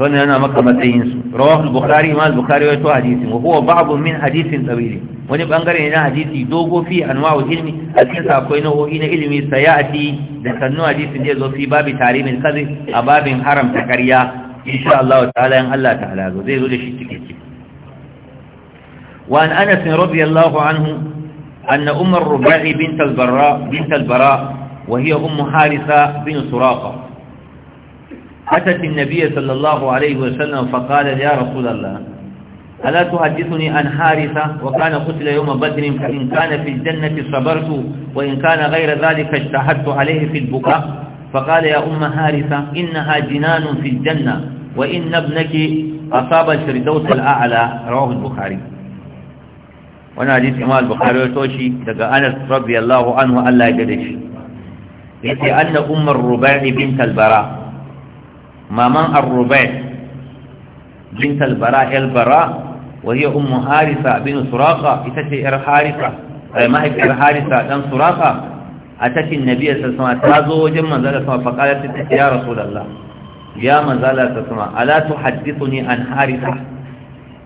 to ne yana maka matsayin su rawahu bukhari imam bukhari ya to hadisi wa huwa ba'd min hadisin wani bangare na hadisi dogo fi anwa'ul ilmi a cikin sa akwai nau'o'i na ilimi sayati da sannu hadisin da zo fi babi tarimin kazi a babin haramta ƙarya insha Allah ta'ala in Allah ta'ala zo zai zo da shi cikakke وعن أنس رضي الله عنه أن أم الرباعي بنت البراء بنت البراء وهي أم حارثة بن سراقة أتت النبي صلى الله عليه وسلم فقالت يا رسول الله ألا تحدثني عن حارثة وكان قتل يوم بدر فإن كان في الجنة صبرت وإن كان غير ذلك اجتهدت عليه في البكاء فقال يا أم حارثة إنها جنان في الجنة وإن ابنك أصاب الفردوس الأعلى رواه البخاري وانا حديث إمام البخاري وتوشي دقى أنس رضي الله عنه ألا يجدش يتي أن أم الرباع بنت البراء maman arrubai bint albara albara wa hiya harisa bin Suraka, ita ce yar harisa ai eh, mahaifiyar harisa dan Suraka. A nabiy Nabiya alaihi wasallam ta zo wajen manzala sallallahu alaihi wasallam faqalat ya rasulullah ya manzala sallallahu alaihi Alatu ala ne an harisa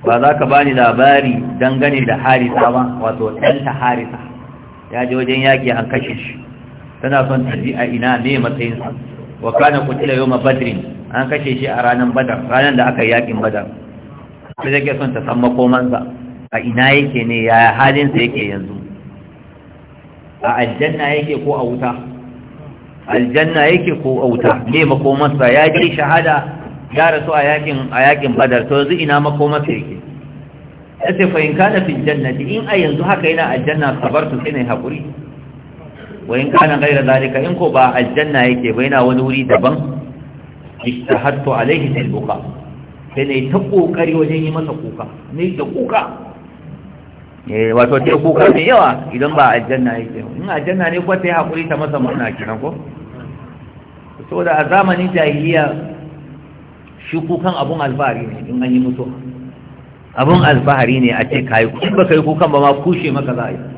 ba za ka bani labari dangane da harisa ba wato ɗanta harisa ya je wajen yaƙi an kashe shi tana son ta ji a ina ne matsayinsa wa kana kutila yawma badrin an kashe shi a ranar badar ranan da aka yi yakin badar sai yake son ta san makomansa a ina yake ne ya sa yake yanzu a aljanna yake ko a wuta aljanna yake ko a wuta me makomansa ya ji shahada ya rasu a yakin a yakin badar to yanzu ina makomansa yake sai fa in kana fi jannati in a yanzu haka yana aljanna sabartu sai ne hakuri wa in kana gaira zalika in ko ba aljanna yake ba yana wani wuri daban ishtahattu alaihi albuka sai ne ta kokari wajen yi masa kuka ne da kuka eh wato ta kuka ne yawa idan ba aljanna yake in aljanna ne ko ta yi hakuri ta masa murna kiran ko to a zamanin jahiliya shi kukan abun alfahari ne in an yi mutuwa abun alfahari ne a ce kayi kuka kai kukan ba ma kushe maka za yi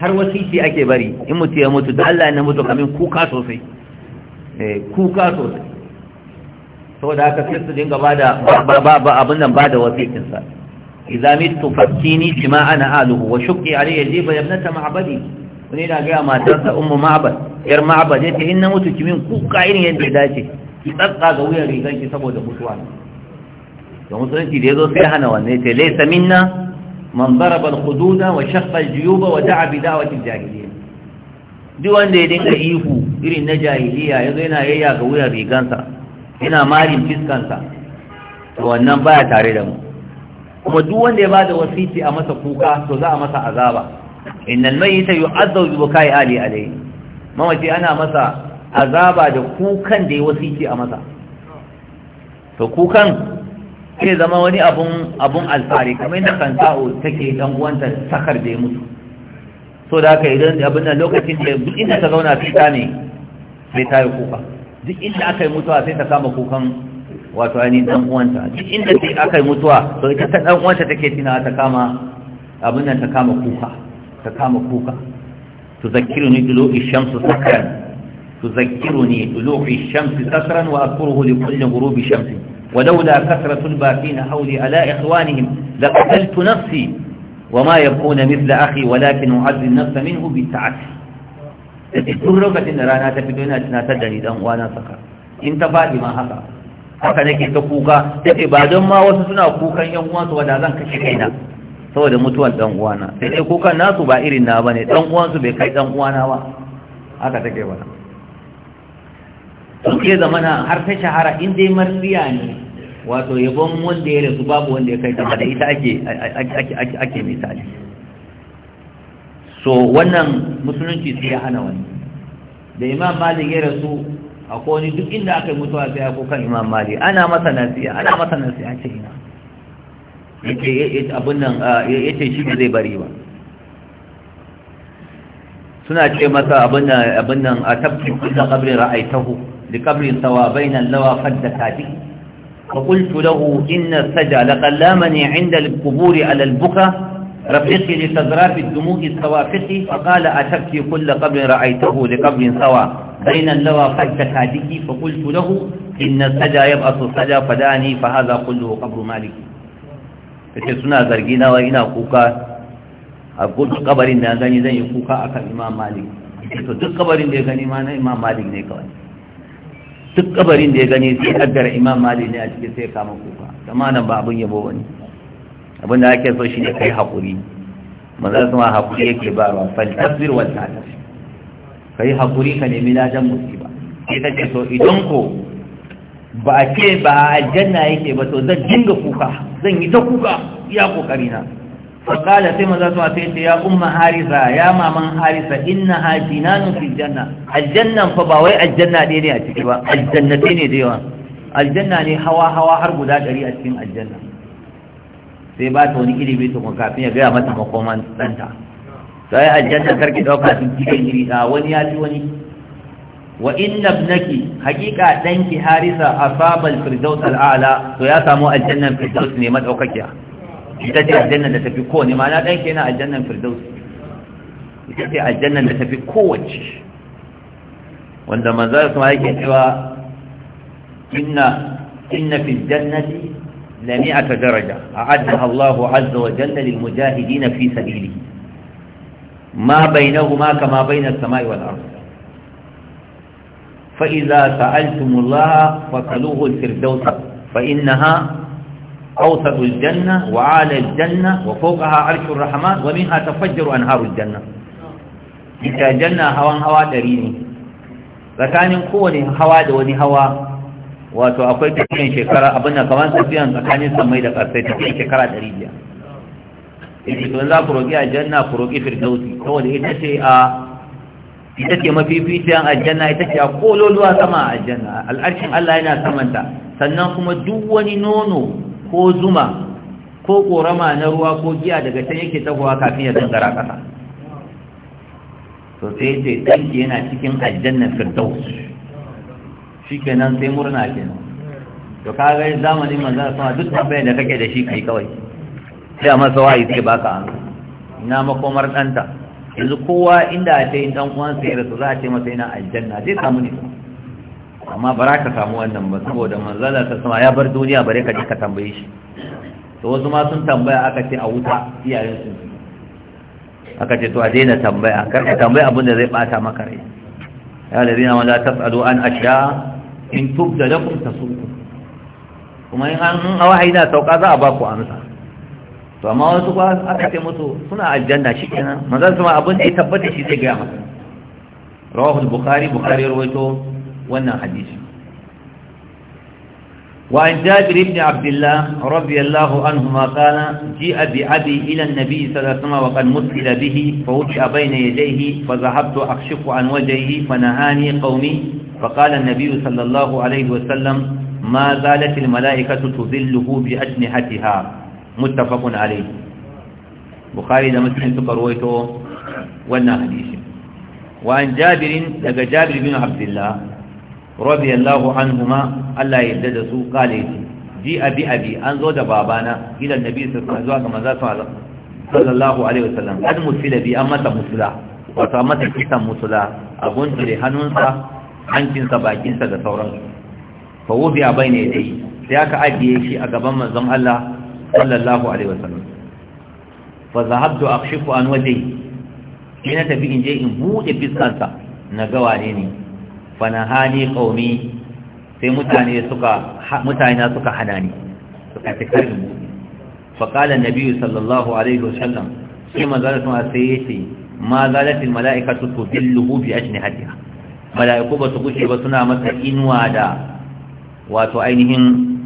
har wasiti ake bari in mutu ya mutu da Allah ya mutu kamin kuka sosai eh, kuka sosai saboda aka sai su dinga ba da ba abin nan ba da wasitinsa idza mitu fakkini bima ana aluhu wa shuqi alayya jiba ibnata ma'badi wani na ga matarsa ummu ma'bad yar ma'bad yace in na mutu kimin kuka irin yadda ya dace ki tsatsa ga wuyan rigan ki saboda mutuwa da musulunci da yazo sai hana wannan yace laysa minna man daraba al-hududa wa shaqqa al-juyuba wa da'a bi da'wati al duk wanda ya dinga ihu irin na jahiliya yazo yana yayya ga wuyan rigansa yana marin fiskansa to wannan baya tare da mu kuma duk wanda ya bada wasiti a masa kuka to za a masa azaba innal mayyita yu'adhabu bi bukai ali alayhi mamaci ana masa azaba da kukan da ya wasiti a masa to kukan sai zama wani abun abun alfari kamar yadda kansa'u take dan uwanta sakar da ya mutu so da haka idan abin nan lokacin da duk inda ta zauna sai ta ne sai ta yi kuka duk inda aka yi mutuwa sai ta kama kukan wato ainihin dan uwanta duk inda sai aka yi mutuwa to ita ta dan uwanta take tina ta kama abin nan ta kama kuka ta kama kuka ni تذكرني ni الشمس سكرا تذكرني طلوع الشمس سكرا وأذكره kulli غروب شمس ولولا كثرة الباكين حولي على إخوانهم لقتلت نفسي وما يبقون مثل أخي ولكن أعز النفس منه بالتعسي duk lokacin da rana ta fito yana tunatar da ni dan uwana saka in ta faɗi ma haka haka nake ta kuka take ba don ma wasu suna kukan yan uwansu ba da zan kashe kaina saboda mutuwar dan uwana sai dai kukan nasu ba irin na bane dan uwansu bai kai dan uwana ba haka take ba ke zamana har ta shahara in dai marsiya ne wato yabon wanda ya rasu babu wanda ya kai ta da ita ake ake misali so wannan musulunci sai ya hana wani da imam malik ya rasu akwai wani duk inda aka yi mutuwa sai ya kan imam malik ana masa nasiya ana masa nasiya ce ina yake abin nan ce shi ba zai bari ba suna ce masa abin nan a tafkin kusa kabrin ra'aitahu لقبر سوى بين اللوى فدتاتي فقلت له إن السجى لقلامني عند القبور على البكى رفيقي لتزراف الدموع السوافق فقال أتبكي كل قبر رأيته لقبر سوى بين اللوى فدتاتي فقلت له إن السجى يبعث السجى فداني فهذا كله قبر مالكي فتسنا زرقنا وإنا كوكا a gudu kabarin da gani zan yi kuka akan imam malik to duk kabarin da ya gani ma na imam malik ne kawai duk kabarin da ya gani sai kaddara imam mali ne a cikin sai kama kuka amma nan ba abin yabo bane abin da ake so shi ne kai hakuri maza kuma hakuri yake ba wa fal tasbir wal ta'ala kai hakuri ka nemi na musiba sai take so idan ko ba a ce ba aljanna yake ba to zan dinga kuka zan yi ta kuka iya kokari na faƙala sai maza su masu yace ya umma harisa ya maman harisa inna ha na fil janna aljannan fa ba wai aljanna ɗaya ne a ciki ba aljannatai ne da yawa aljanna ne hawa hawa har guda ɗari a cikin aljanna sai ba ta wani ilimi ta kuma kafin ya gaya mata makoman ɗanta sai aljanna karki ɗauka sun cikin iri ɗaya wani ya fi wani wa inna ibnaki haƙiƙa danki harisa asabal firdaus al'ala to ya samu aljannan firdaus ne madaukakiya ita ce aljannan da tafi kowane ma na ɗanke yana aljannan firdaus ita ce aljannan da tafi kowace wanda manzara su ma yake cewa inna inna fi jannati لمئة درجة أعدها الله عز وجل للمجاهدين في سبيله ما بينهما كما بين السماء والأرض فإذا سألتم الله فسألوه الفردوس فإنها أوسط الجنة وعالى الجنة وفوقها عرش الرحمن ومنها تفجر أنهار الجنة ita janna hawan hawa ɗari ne tsakanin kowane hawa da wani hawa wato akwai tafiyan shekara abin da kamar tafiyan tsakanin samai da ƙasai tafiyan shekara ɗari biyar ita za ku roƙi a janna ku roƙi firdausi saboda ita ce a ita ce mafificiyan aljanna ita ce a kololuwa sama a aljanna al'arshin allah yana samanta sannan kuma duk wani nono ko zuma ko korama na ruwa ko giya daga can yake tahowa kafin ya dangara kasa to sai ce danki yana cikin aljannar firdaus shikenan sai murna kenan to kaga zamanin manzo sama duk tambayar da kake da shi kai kawai sai masa wayi sai baka amsa ina makomar danta yanzu kowa inda a ce ɗan uwan sai rasu za a ce masa yana aljanna zai samu ne amma ba ka samu wannan ba saboda manzala ta sama ya bar duniya bare ka je ka tambaye shi to wasu ma sun tambaya aka ce a wuta iyayen su aka ce to a daina tambaya kar ka tambaya abin da zai bata maka rai ya ladina ma ta tasalu an ashya in tubda lakum tasuku kuma in an wahayi na sauka za a ba ku amsa to amma wasu ba aka ce musu suna aljanna shikenan ta sama abin da ya tabbata shi zai ga maka rawahu Bukari bukhari bukhari rawaito wannan hadisi wa an jabir ibn abdullah radiyallahu anhu ma ji'a bi abi ila an-nabi sallallahu alaihi wasallam wa bihi fa wuj'a bayna yadayhi fa dhahabtu akshifu an wajhihi fa nahani qaumi fa qala an-nabi sallallahu alaihi wasallam ma zalat al-mala'ikatu tudhilluhu bi ajnihatiha muttafaqun alayh bukhari da muslim suka rawaito wannan hadisi wa an jabir daga jabir ibn radiyallahu anhuma Allah ya yarda da su kale shi ji abi abi an zo da babana gidan nabi sallallahu alaihi wasallam sallallahu alaihi wasallam an musila bi amma ta musula wato amma kisan musula a gunjire hannunsa bakinsa da sauran. fa wubi a bai ne dai sai aka ajiye shi a gaban manzon Allah sallallahu alaihi wasallam fa zahabtu akshifu an wajhi ina tafi in je in bude fiskansa na ga wane ne fanahani qaumi sai mutane suka mutane suka hana ni suka tikari mu fa qala nabiyyu sallallahu alaihi wasallam sai manzon Allah sai yace ma zalat al malaikatu tudilluhu bi ajnihatiha malaiku ba su kushe ba suna masa inuwa da wato ainihin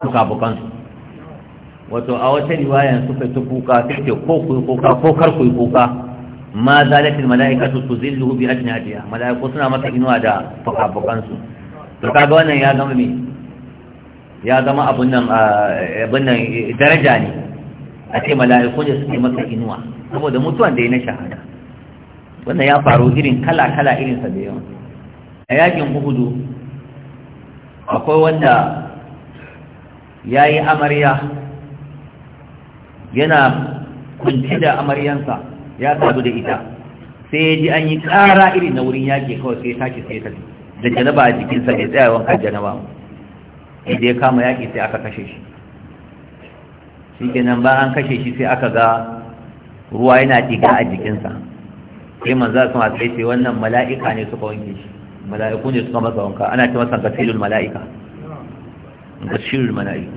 suka bukansu wato a wata riwayan suka ta kuka sai ko kuka ko kar kuka ma zalatil mala'ikatu tuzilluhu bi ajnadiha mala'iku suna masa inuwa da fukafukan su to kaga wannan ya zama me ya zama abun nan abun nan daraja ne a ce mala'iku ne suke masa inuwa saboda mutuwan da ya na shahada wannan ya faru irin kala kala irin sa da yawa a yakin uhudu akwai wanda yayi yi amarya yana kunci da amaryansa ya sadu da ita sai ya ji an yi ƙara iri na wurin yaƙi kawai sai ya tashi sai ya tafi da janaba a jikinsa mai tsayawan kan janaba inda ya kama yaƙi sai aka kashe shi shi kenan ba an kashe shi sai aka ga ruwa yana diga a jikinsa sai za su ma sai wannan mala'ika ne suka wanke shi mala'iku ne suka masa wanka ana ce masa gasilul mala'ika gasilul mala'ika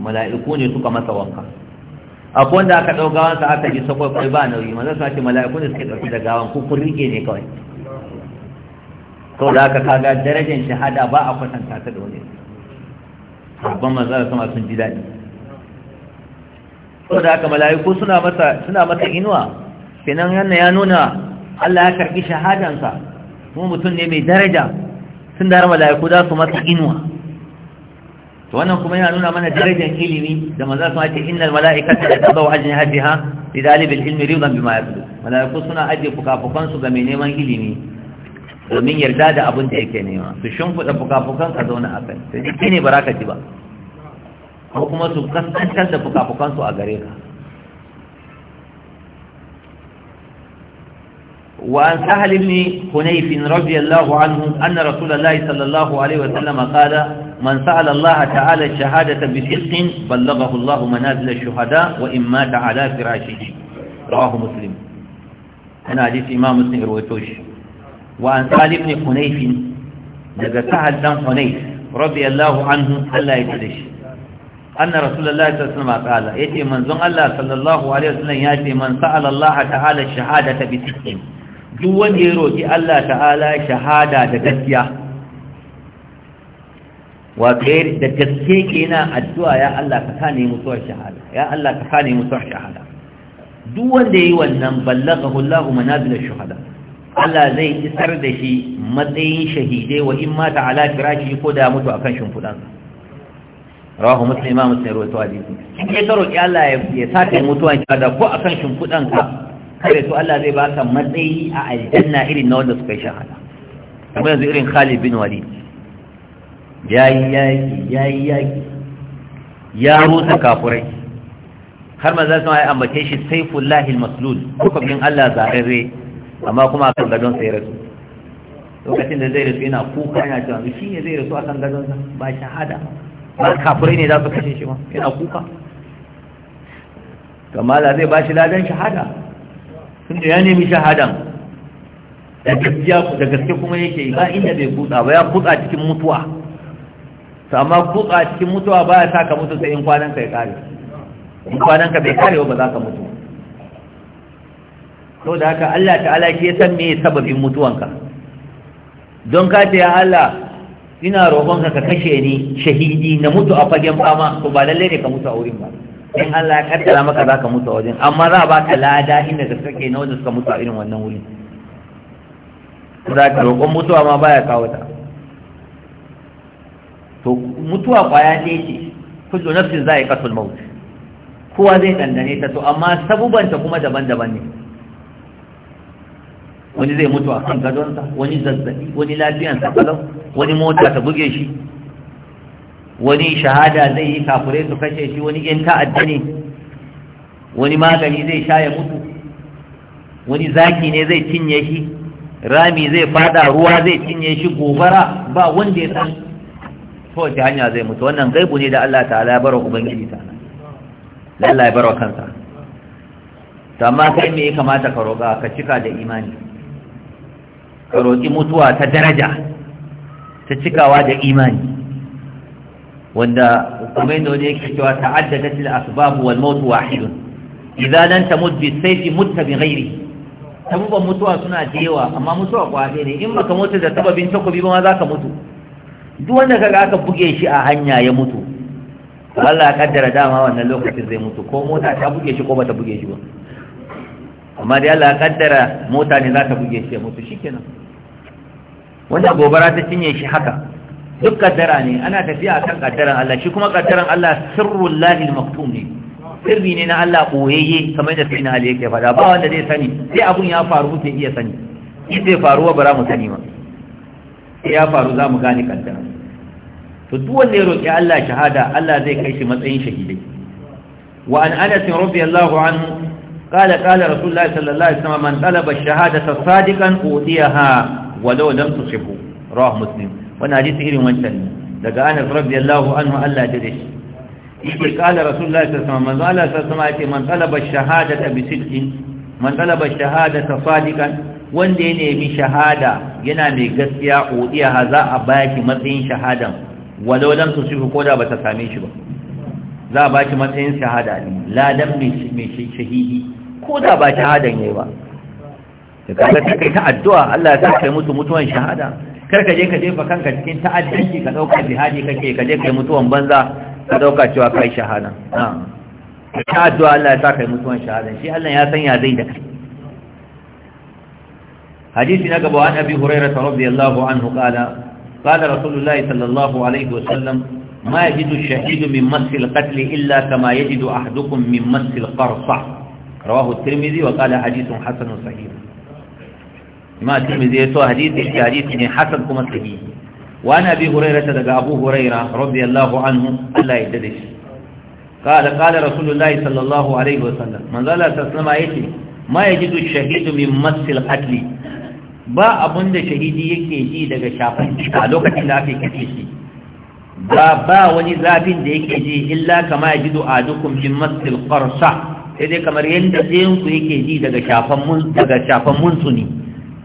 mala'iku ne suka masa wanka akwai wanda aka ɗau gawansa aka ji sakwai kai ba nauyi manzon sa ce mala'iku ne suke ɗauki da gawan ko kun rike ne kawai saboda haka kaga darajar shahada ba a kwatanta ta da wani babban manzon sama sun ji daɗi saboda haka mala'iku suna masa suna masa inuwa kenan yana ya nuna Allah ya karbi shahadansa mu mutum ne mai daraja sun da mala'iku za su masa inuwa to wannan kuma yana nuna mana darajar ilimi da maza sun ce innal malaikata tatabawu ajnihatiha li dalibil ilmi ridan bima yaqulu malaiku suna aje fukafukan su ga mai neman ilimi domin yarda da abin da yake nema su shimfida fukafukan ka zauna a kai sai ki ne baraka ji ba ko kuma su kasantar da fukafukan su a gare ka وعن سهل بن حنيف رضي الله عنه أن رسول الله صلى الله عليه وسلم قال من سأل الله تعالى الشهادة بصدق بلغه الله منازل الشهداء وإن مات على فراشه رواه مسلم أنا حديث إمام مسلم رويتوش وعن سهل بن حنيف لقى سهل بن حنيف رضي الله عنه ألا يتدش أن رسول الله صلى الله عليه وسلم قال يأتي من زم الله صلى الله عليه وسلم يأتي من سأل الله تعالى الشهادة بصدق دون يروي الله تعالى شهادة بجسيه wato da gaske ke na addu'a ya Allah ka kane mutuwar shahada ya Allah ka kane mutuwar shahada duk wanda yi wannan ballaghahu Allah manazil ash-shuhada Allah zai isar da shi matsayin shahidai wa in mata ala firashi ko da mutu akan shimfudan rawahu muslim imam muslim rawaito hadisi in kai karo ki Allah ya saka mutuwan shahada ko akan shimfudan ka kare to Allah zai baka matsayi a aljanna irin na wanda suka yi shahada kuma yanzu irin Khalid bin Walid ya yi yaki ya yi yaki ya rusa kafurai har maza sun ya ambace shi saifullahi maslul hukumin Allah zarare amma kuma akan gadon sai rasu lokacin da zai rasu yana kuka yana cewa shi ne zai rasu akan gadon sa ba shahada ba kafurai ne za su kashe shi ma yana kuka kamar da zai ba shi ladan shahada Sun ya nemi shahadan da gaskiya da gaske kuma yake ba inda bai kutsa ba ya kutsa cikin mutuwa to amma kuka cikin mutuwa ba ya sa ka mutu sai in kwanan ka ya kare in kwanan ka bai kare ba za ka mutu to da haka Allah ta'ala ke san me sababin mutuwanka don ka ce ya Allah ina roƙon ka kashe ni shahidi na mutu a fagen fama to ba lalle ne ka mutu a wurin ba in Allah ya kaddara maka za ka mutu a wajen amma za a ba ka lada inda da kake na wanda suka mutu a irin wannan wurin za ka roƙon mutuwa ma baya kawo ta to mutuwa kwaya ɗaya ce kullu nafsin za a yi kasul maut kowa zai dandane ta to amma sabubanta kuma daban-daban ne wani zai mutu a kan gadonsa wani zazzabi wani lafiyansa kalau wani mota ta buge shi wani shahada zai yi kafure su kashe shi wani yan ta'adda ne wani magani zai sha ya mutu wani zaki ne zai cinye shi rami zai fada ruwa zai cinye shi gobara ba wanda ya san Kawai ta hanya zai mutu wannan gaibu ne da Allah ta'ala ya bar wa ubangiji ta Allah ya bar kansa to amma kai me ya kamata ka roƙa ka cika da imani ka roƙi mutuwa ta daraja ta cikawa da imani wanda kuma yadda wani yake cewa ta'addadat al-asbab wal maut wahidun idza lan tamut sai fi mutu bi ghairi tabban mutuwa suna da amma mutuwa kwa ne in baka mutu da tababin takobi ba ma za ka mutu duk wanda kaga aka buge shi a hanya ya mutu Allah ya kaddara dama wannan lokacin zai mutu ko mota ta buge shi ko bata buge shi ba amma dai Allah ya kaddara mota ne za ta buge shi ya mutu shikenan wanda gobara ta cinye shi haka duk kaddara ne ana tafiya akan kaddaran Allah shi kuma kaddaran Allah sirrul lahil maktum ne sirri ne na Allah boyayye kamar da sirrin Allah yake fada ba wanda zai sani sai abun ya faru muke iya sani in zai faruwa ba za mu sani ba ya faru za mu gane kaddara to duk wanda ya roƙi Allah shahada Allah zai kai shi matsayin shahidai wa an Anas radiyallahu anhu qala qala Rasulullahi sallallahu alaihi wasallam man talaba ash-shahadata sadiqan udiyaha walau lam tusibhu rawahu Muslim wannan hadisi irin wancan daga Anas radiyallahu anhu Allah ya dace yake qala Rasulullahi sallallahu alaihi wasallam man qala sallallahu alaihi man talaba shahadata bi sidqin man talaba shahadata sadiqan wanda ya nemi shahada yana mai gaskiya udiyaha za a baki matsayin shahadan walau lam tusifu ko da bata same shi ba za a ki matsayin shahada ne ladan mai shahidi. ko da ba shahadan yayi ba ka kaga ta kai ta addu'a Allah ya sa kai mutu mutuwan shahada kar ka je ka jefa kanka cikin ta'addanci ka dauka jihadi kake ka je kai mutuwan banza ka dauka cewa kai shahada ta addu'a Allah ya sa kai mutuwan shahada shi Allah ya san ya zai da kai hadisi na gaba an abi hurairah radiyallahu anhu qala قال رسول الله صلى الله عليه وسلم ما يجد الشهيد من مس القتل إلا كما يجد أحدكم من مس القرصة رواه الترمذي وقال حديث حسن صحيح ما الترمذي يتوى حديث حديث حسن كما صحيح وعن أبي هريرة دقى أبو هريرة رضي الله عنه ألا يددش قال قال رسول الله صلى الله عليه وسلم من ذلك تسلم أيتي ما يجد الشهيد من مس القتل ba abun da shahidi yake ji daga shafan a lokacin da aka kashe shi ba ba wani zafin da yake ji illa kama ya jido a dukkan min masil qarsa sai dai kamar yadda ɗayan ku yake ji daga shafan mun daga shafan munsuni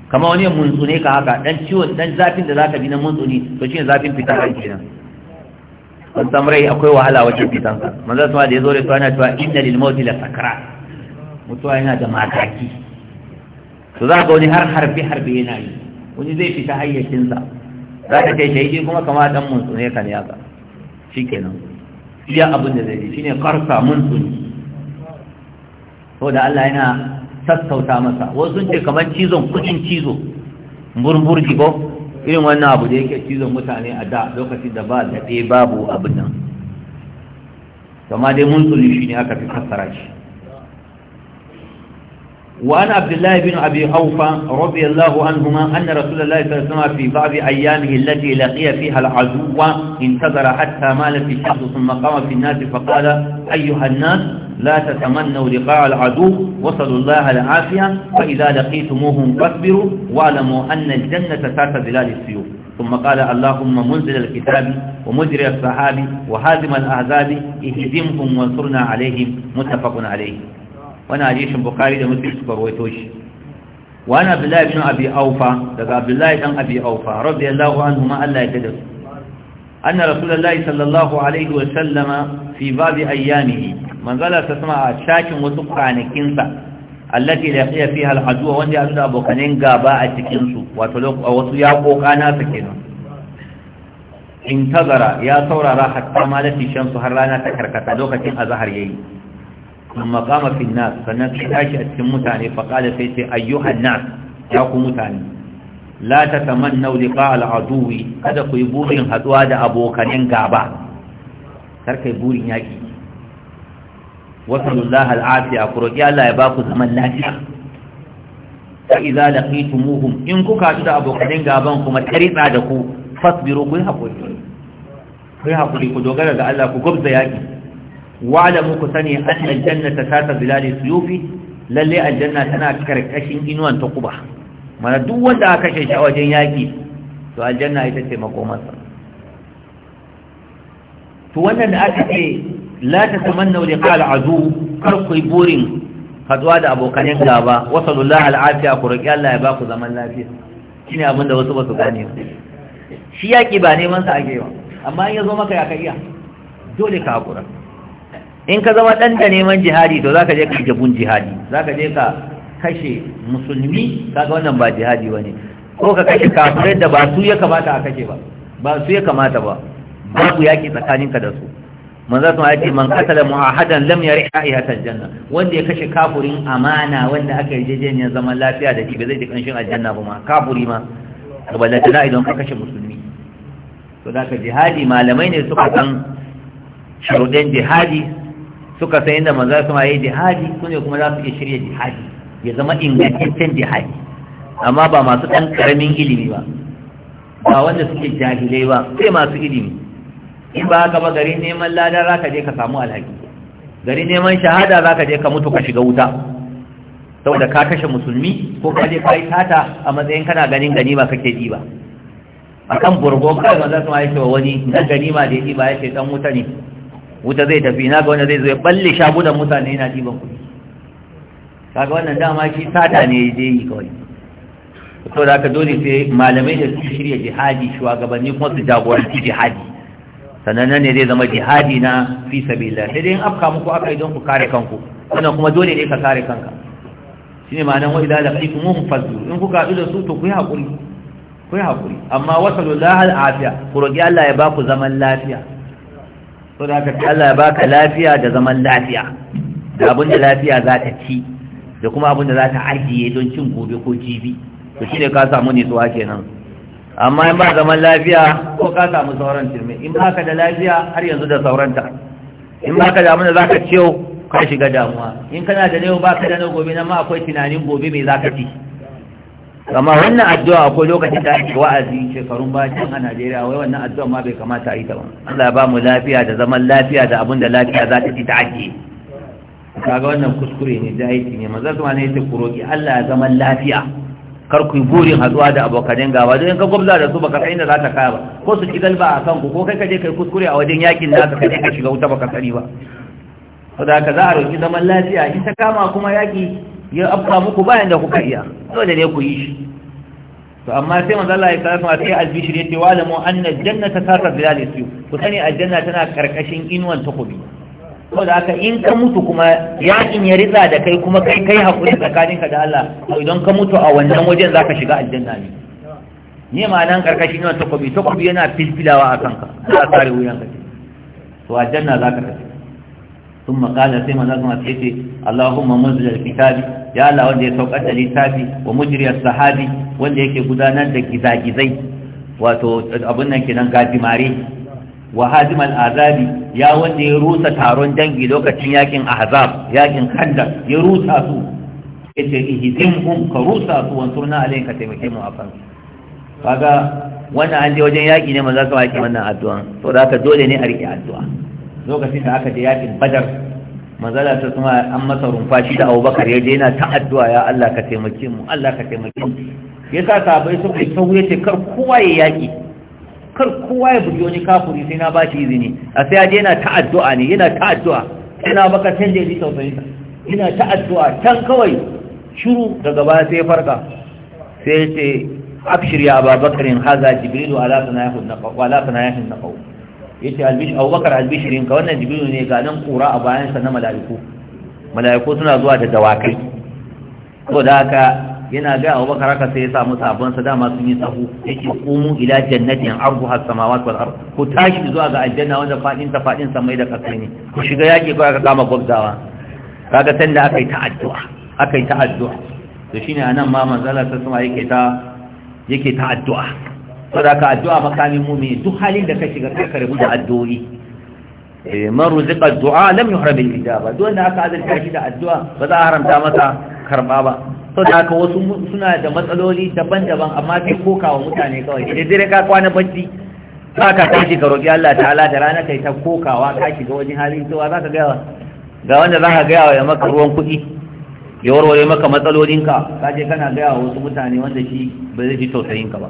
kama wani munsune ka haka dan ciwon dan zafin da zaka bi na munsuni to shine zafin fitar rai kina. kun san rai akwai wahala wajen fitan ka manzo sama da yazo da to ana cewa inna lil mauti la mutuwa yana da mataki to za ka wani har harbe harbe yana yi wani zai fita hayyacinsa za ka kai shaidi kuma kama dan mun tsune ka ne haka shikenan iya abin da zai yi shine karsa mun tsune saboda Allah yana sassauta masa wasu sun ce kamar cizon kudin cizo burburki ko irin wannan abu da yake cizon mutane a da lokacin da ba daɗe babu abin nan kama dai mun ne shi ne aka fi kassara shi وأنا عبد الله بن أبي أوفى رضي الله عنهما أن رسول الله صلى الله عليه وسلم في بعض أيامه التي لقي فيها العدو انتظر حتى مالت الشمس ثم قام في الناس فقال أيها الناس لا تتمنوا لقاء العدو وصلوا الله العافية فإذا لقيتموهم فاصبروا واعلموا أن الجنة تحت ظلال السيوف ثم قال اللهم منزل الكتاب ومجري الصحابي وهازم الأعزاب اهدمهم وانصرنا عليهم متفق عليه wani hadisin bukari da muslim suka rawaito shi wani abdullahi bin abi aufa daga abdullahi dan abi aufa radiyallahu anhu ma Allah ya tada anna rasulullahi sallallahu alaihi wa sallama fi babi ayyamihi manzala ta sama a cakin wasu kwanakin sa allati laqiya fiha al-aduwa wanda ya da abokanin gaba a cikin su wato wasu ya kokana su kenan intazara ya saurara hatta malati shamsu har rana ta karkata lokacin azhar yayi sun makama fi nas sannan sai tashi a cikin mutane faƙala sai sai ayyuhan nas ya ku mutane la ta taman naulika al'aduwi kada ku yi burin haɗuwa da abokanin gaba karkai burin yaƙi wasallallahu al'afiya ku roƙi Allah ya ba ku zaman lafiya fa idza laqitumuhum in ku kuka da abokanin gaban kuma taritsa da ku fasbiru ku hakuri ku hakuri ku dogara ga Allah ku gubza yaki wa'lamu ku sani anna aljannata tata bilali suyufi lalle aljanna tana karkashin inuwan ta kuba mana duk wanda aka kashe shi a wajen yaki to aljanna ita ce makomarsa to wannan da aka ce la tatamannu liqa al'adu kar ku yi burin haduwa da abokanin gaba wasallallahu al'afiya ku roki Allah ya baku zaman lafiya shine abinda wasu ba su gane ba shi yaki ba neman sa ake yi amma in ya zo maka ya kai ya dole ka hakura in ka zama ɗan da neman jihadi to za ka je ka jabun jihadi za ka je ka kashe musulmi kaga wannan ba jihadi ba ne ko ka kashe kafirai da ba su ya kamata a kashe ba ba su ya kamata ba babu yaƙi tsakaninka da su Man su ma ce man qatala muahadan lam yari ahiyatal janna wanda ya kashe kafurin amana wanda aka yi yarjejeniyar zaman lafiya da shi ba zai ji kanshin aljanna ba ma kafuri ma kabalata na idan ka kashe musulmi to da ka jihadi malamai ne suka san sharuɗin jihadi suka san inda manzo kuma yayi jihadi ne kuma za su iya shirya jihadi ya zama ingantaccen jihadi amma ba masu ɗan ƙaramin ilimi ba ba wanda suke jahilai ba sai masu ilimi in ba haka ba gari neman ladar za ka je ka samu alhaki gari neman shahada za ka je ka mutu ka shiga wuta saboda ka kashe musulmi ko ka je ka yi tata a matsayin kana ganin ganima kake ji ba a kan burgo kawai maza su ma ya ce wa wani na ganima da ya ba ya ce ɗan wuta ne wuta zai tafi ina ga wanda zai zo ya balle shagunan mutane yana ɗiban kuɗi kaga wannan dama shi sata ne je yi kawai to da aka dole sai malamai da su shirya jihadi shugabanni kuma su jagoranci jihadi sannan nan ne zai zama jihadi na fi sabila sai dai in afka muku aka yi don ku kare kanku wannan kuma dole ne ka kare kanka Shi ne ma'anar wa kuma laqitum fazzu in kuka haɗu da su to ku yi haƙuri. ku yi haƙuri. amma wasu al afiya ku roki Allah ya ba ku zaman lafiya so da aka Allah ya baka lafiya da zaman lafiya da abin da lafiya za ta ci da kuma abin da za ta ajiye don cin gobe ko jibi to shi ne ka samu nutsuwa kenan amma in ba zaman lafiya ko ka samu sauran turmi in ba ka da lafiya har yanzu da sauranta in ba ka da abin da za ka ciyo ka shiga damuwa in kana da yau ba ka da na gobe nan ma akwai tunanin gobe mai za ka ci kama wannan addu'a akwai lokacin da ake wa'azi shekarun bayan a Najeriya wai wannan addu'a ma bai kamata a yi ta ba Allah ba mu lafiya da zaman lafiya da abin da lafiya za ta ci ta ake kaga wannan kuskure ne da aiki ne maza zuwa ne ta kuroki Allah ya zaman lafiya kar ku burin haduwa da abokan gaba don ka gwamza da su baka san inda za ta kaya ba ko su ci galba a kanku ko kai ka je kai kuskure a wajen yakin da ka je ka shiga wuta baka sani ba saboda haka za a roki zaman lafiya in ta kama kuma yaki ya afka muku bayan da kuka iya dole ne ku yi shi to amma sai manzo Allah ya sarrafa sai albishir yace wa lamu anna jannata tarra bilal su ku sani aljanna tana karkashin inuwan takobi ko da haka in ka mutu kuma ya in ya riza da kai kuma kai kai hakuri tsakaninka da Allah to idan ka mutu a wannan wajen zaka shiga aljanna ne Ni ma nan karkashin inuwan takobi takobi yana filfilawa a kanka za ka kare wuyanka to aljanna zaka tafi ثم قال سيما نظمة يتي اللهم منزل الكتاب يا الله وانده يسوقت للتابي ومجري الصحابي وانده يكي قدانا لكذا جزي وابنا كنا قادماري وهادم الآذاب يا وانده يروس تارون دنجي لوكا تنياكين أحزاب ياكين خندق يروس أسو يتي إهدمهم كروس أسو وانصرنا عليهم كتمكيم وعفان فقال وانا عندي وجن ياكي نما ذاك وانا عدوان فذاك دولي نأريك عدوان lokacin da aka je yakin badar manzala ta kuma an masa shi da abubakar ya je yana ta addu'a ya Allah ka taimake mu Allah ka taimake mu yasa sahabbai kai yi ya ce kar kowa ya yaƙi, kar kowa ya bugi wani kafuri sai na bashi izini a sai ya je yana ta addu'a ne yana ta addu'a ina baka canje ji tausayin yana ta addu'a can kawai shiru daga baya sai farka sai ce abshir ya ababakarin haza jibrilu ala sanayahu naqaw ala sanayahu naqaw Ya ce albish abubakar albishirin ka wannan jibrilu ne ga nan kura a bayan sa na malaiku malaiku suna zuwa da dawakai ko da haka yana ga abubakar haka sai ya samu sabon sa dama sun yi sahu yake qumu ila jannatin arduha as-samawati wasu ard ku tashi zuwa ga aljanna wanda fadin ta fadin sa mai da kasai ne ku shiga yaki ko aka kama gwabzawa kaga da aka yi ta addu'a aka yi ta addu'a to shine anan ma manzala Sassama yake ta yake ta addu'a saboda ka addu'a makamin mu'mini duk halin da ka shiga ka rubu da addu'o'i eh, maru zika du'a lam yuhram al ijaba duk wanda aka azurta shi da addu'a ba za a haramta masa karba ba saboda wasu suna da matsaloli daban-daban amma sai kokawa mutane kawai idan dare ka kwana bacci za ka tashi ka roƙi Allah ta'ala da rana kai ta kokawa ka shiga wajen halin cewa za ka gaya ga wanda za ka gaya wa ya maka ruwan kuɗi ya warware maka matsalolinka ka je kana gaya wa wasu mutane wanda shi ba zai fi tausayinka ba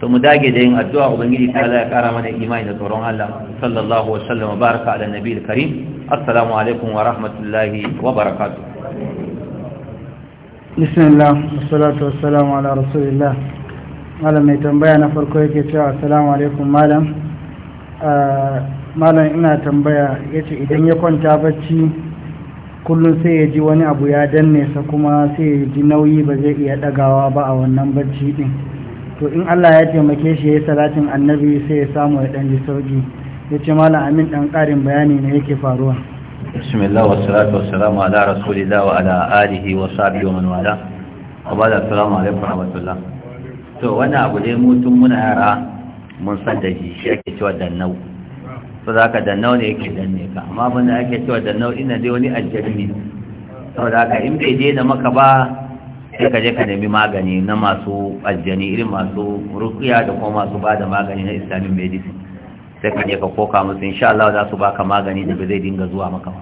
to mu dage da yin addu'a ubangiji ta Allah ya kara mana imani da tsoron Allah sallallahu wa sallama baraka ala nabiyil karim assalamu alaikum wa rahmatullahi wa barakatuh bismillah wassalatu wassalamu ala rasulillah malam mai tambaya na farko yake cewa assalamu alaikum malam ah, malam ina tambaya yace idan ya kwanta bacci kullum sai ya ji wani abu ya danne sa kuma sai ya ji nauyi ba zai iya dagawa ba a wannan bacci din to in Allah ya taimake shi ya salatin annabi sai ya samu ya ɗan ji sauki ya ce malam amin ɗan ƙarin bayani ne yake faruwa bismillah wa salatu wa salamu ala rasulillah wa ala alihi wa sahbihi wa man wala wa ba da salamu alaikum wa rahmatullah to wannan abu dai mutum muna yara mun san da shi shi ake cewa dannau to da haka dannau ne yake danne ka amma abin da ake cewa dannau ina dai wani aljami saboda haka in bai daina maka ba sai ka je ka nemi magani na masu aljani irin masu rukiya da kuma masu bada magani na islamic medicine sai ka je ka koka musu insha Allah za su baka magani da ba zai dinga zuwa maka ba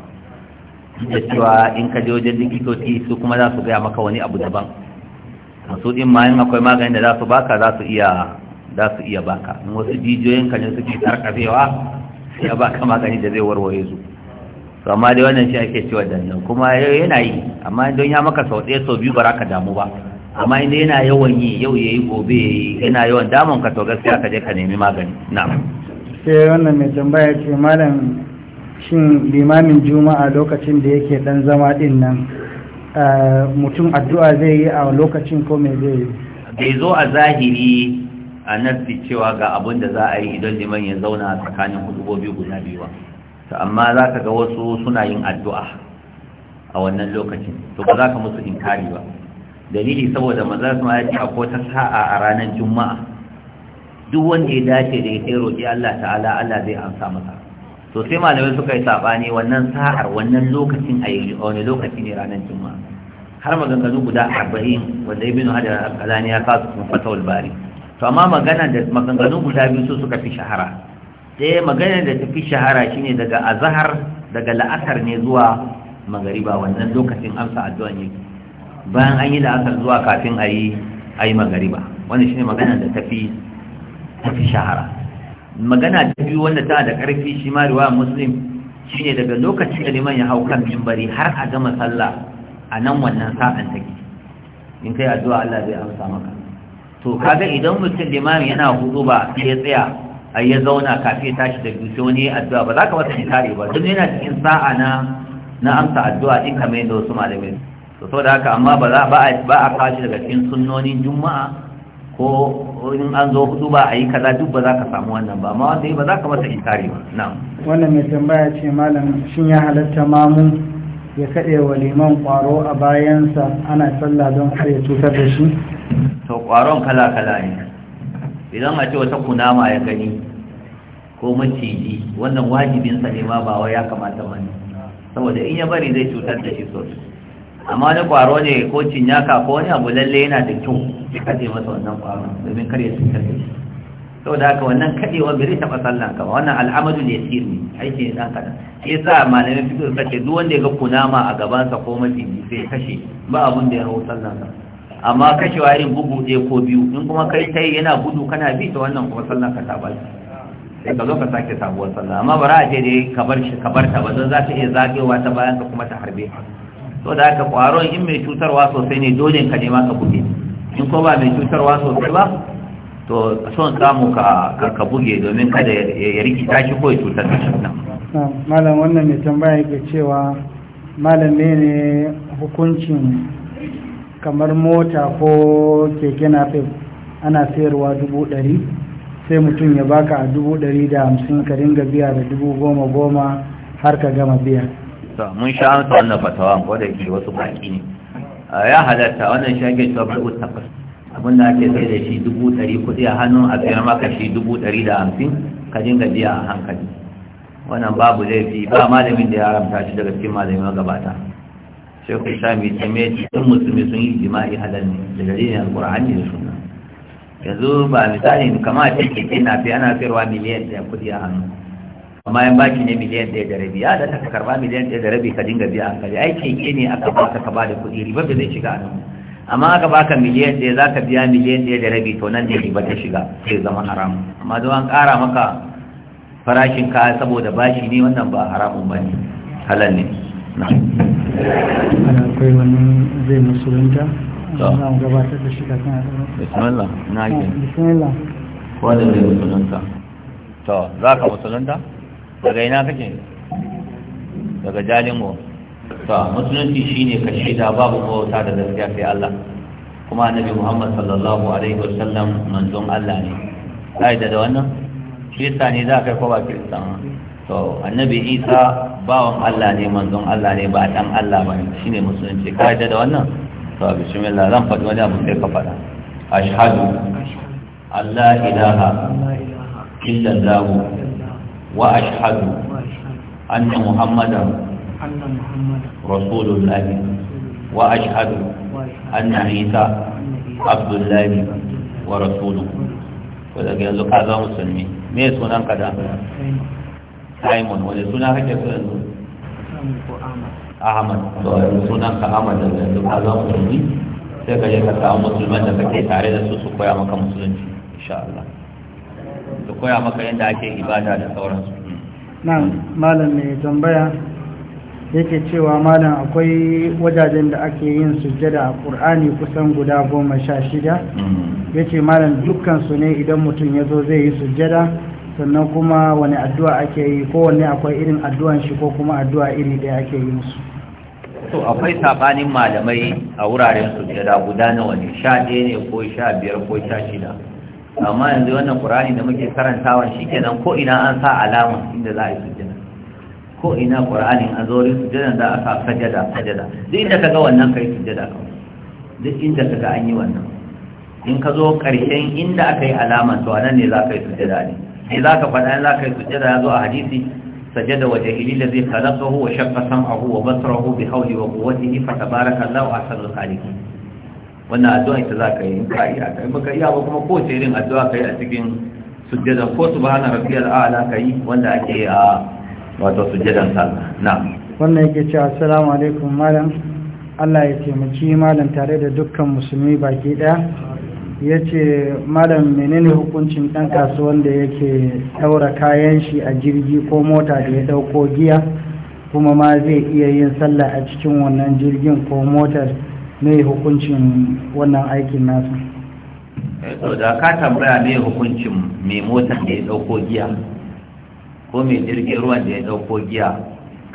da cewa in ka je wajen likitoci su kuma za su gaya maka wani abu daban su din ma in akwai magani da za su baka za su iya za su iya baka in wasu jijiyoyin ka ne suke tarkafewa sai ya baka magani da zai warware su to amma dai wannan shi ake cewa dandan kuma yana yi amma don ya maka sau ɗaya sau biyu ba ka damu ba amma inda yana yawan yi yau ya yi gobe yana yawan damun ka to gaskiya ka je ka nemi magani na sai wannan mai tambaya ce malam shin limamin juma'a lokacin da yake dan zama din nan mutum addu'a zai yi a lokacin ko me zai yi bai zo a zahiri a nassi cewa ga abin da za a yi idan liman ya zauna a tsakanin biyu guda biyu ba to amma za ka ga wasu suna yin addu'a a wannan lokacin to ba za ka musu inkari ba dalili saboda maza su ya ce ko ta sa'a a ranar juma'a duk wanda ya dace da ya kai roƙi Allah ta'ala Allah zai amsa masa to sai malamai suka yi saɓani wannan sa'ar wannan lokacin a wani lokaci ne ranar juma'a har maganganu guda arba'in wanda ya bin hajjar alƙalani ya kasu kuma fatawul bari to amma magana da maganganu guda biyu su suka fi shahara sai magana da tafi shahara shine daga azahar daga la'asar ne zuwa magariba wannan lokacin amsa addu'a ne bayan an yi la'asar zuwa kafin a yi magariba wannan shine magana da tafi tafi shahara magana ta biyu wanda tana da ƙarfi shi ma riwaya muslim shine daga lokacin da liman ya hau kan minbari har a gama sallah a nan wannan sa'an take in kai addu'a Allah zai amsa maka to kaga idan mutum Limamin yana hudu ba sai ya tsaya a ya zauna kafin tashi da dutse wani addu'a ba za ka masa kare ba don yana cikin sa'a na na amsa addu'a in kamar yadda wasu malamai to saboda haka amma ba za ba a kashi daga cikin sunnonin juma'a ko in an zo hudu ba a yi kaza duk ba za ka samu wannan ba amma wanda ba za ka masa inkari ba na'am wannan mai tambaya ce malam shin ya halatta mamu ya kaɗe wa liman ƙwaro a bayansa ana sallah don har ya cutar da shi to ƙwaron kala kala ne idan a ce wata kunama ya gani ko maciji wannan wajibinsa ne ma ba wai ya kamata ba ne saboda in ya bari zai cutar da shi sosai amma wani kwaro ne ko cinyaka ko wani abu lalle yana da kyau ya kaɗe masa wannan kwaro domin kar ya cutar da shi saboda haka wannan kaɗewa bai taɓa sallan ka ba wannan al'amadu ne sir ne aiki ne ɗan kaɗan shi sa malamin fito suka ce duk wanda ya ga kunama a gabansa ko maciji sai ya kashe ba abun da ya hau sallan ka. amma kashewa warin bugu ɗaya ko biyu in kuma kai ta yana gudu kana bi ta wannan kuma sallan ka tabar sai ka zo ka sake sabuwar sallah amma bara a ce dai ka bar ka bar ta ba don za ta iya zagewa ta bayan ka kuma ta harbe to da haka kwaron in mai cutarwa sosai ne dole ka nema ka buge in ko ba mai cutarwa sosai ba to son samu ka ka buge domin kada ya rikita shi ko ya cutar da shi malam wannan mai tambaya ke cewa malam ne hukuncin kamar mota ko keke napep ana sayarwa dubu ɗari sai mutum ya baka a dubu ɗari da hamsin ka ringa biya da dubu goma goma har ka gama biya mun sha amsa wannan fatawa ko da ke wasu baki ne ya halatta wannan shage ta bai takwas abin da ake sai da shi dubu ɗari kudi a hannun a sayar maka shi dubu ɗari da hamsin ka dinga biya a hankali wannan babu laifi ba malamin da ya haramta shi daga cikin malamin gabata shekul islami ta mai cikin musulmi sun yi jima'i halal ne daga rinin alkur'ani da suna yanzu ba misali ne kama a cikin na fi ana sayarwa miliyan ɗaya kuɗi a hannu amma yan baki ne miliyan ɗaya da rabi ya da ta karɓa miliyan ɗaya da rabi ka dinga biya hankali aiki ke ne aka ba ka bada kuɗi riba ba zai shiga a nan amma aka baka miliyan ɗaya za ka biya miliyan ɗaya da rabi to nan ne riba ta shiga sai zama haram amma don an ƙara maka farashin kaya saboda bashi ne wannan ba haramun ba ne halal ne ana akwai wani zai musulunta za mu gabatar da shi kafin a bismillah na ke ah, bismillah ko da zai musulunta to za ka musulunta daga ina kake daga jalingo to musulunci ne ka shaida babu bauta da gaskiya sai Allah kuma annabi Muhammad sallallahu alaihi wasallam manzon Allah ne kai da wannan kirista ne za ka ko ba kirista to annabi isa bawan allah ne manzon allah ne ba dan allah ba shine musulunci ka yadda da wannan to bismillah zan faɗi wani abu sai ka faɗa ashhadu allah ilaha illa allah wa ashhadu anna muhammadan rasulullah wa ashhadu anna isa abdullah wa rasuluhu ko daga yanzu ka za musulmi me sunan ka da simon wani suna kake so yanzu ahmad to yanzu sunan ka ahmad da yanzu ka zama musulmi sai ka je ka samu musulman da kake tare da su su koya maka musulunci insha Allah su koya maka yadda ake ibada da sauransu nan malam mai tambaya yake cewa malam akwai wajajen da ake yin sujjada a ƙur'ani kusan guda goma sha shida mm. ya ce malam dukkansu ne idan mutum ya zo zai yi sujjada sannan kuma wani addu'a ake yi ko wanne akwai irin addu'an shi ko kuma addu'a iri ɗaya ake yi musu to akwai sabanin malamai a wuraren sujjada guda nawa wani sha ɗaya ne ko sha biyar ko sha shida amma yanzu wannan ƙurani da muke karantawa shi kenan ko ina an sa alama inda za a yi sujjada ko ina ƙur'anin a zori sujjada za a sa sajada sajada duk inda ka ga wannan kai sujjada ka duk inda ka ga an yi wannan in ka zo ƙarshen inda aka yi alama to a nan ne za ka yi sujjada ne me za ka faɗa za ka yi sujjada ya zo a hadisi sajada wa jahili da zai khalaqahu wa shaqqa sam'ahu wa basrahu bi hawli wa quwwatihi fa tabaraka Allahu ahsanul khaliqin wannan addu'a ita za ka yi in ka yi a kai maka iya ba kuma ce irin addu'a ka yi a cikin sujjada ko subhana rabbiyal a'la ka yi wanda ake a wato sujjadan sallah na'am wannan yake cewa assalamu alaikum malam Allah ya taimaki malam tare da dukkan musulmi baki daya ya ce malam menene hukuncin ɗan kasuwan da yake ɗaura kayan shi a jirgi ko mota da ya ɗauko giya kuma ma zai iya yin sallah a cikin wannan jirgin ko motar ne hukuncin wannan aikin nasa eh, to da ka tambaya ne hukuncin mai motar da ya ɗauko giya ko mai jirgin ruwan da ya ɗauko giya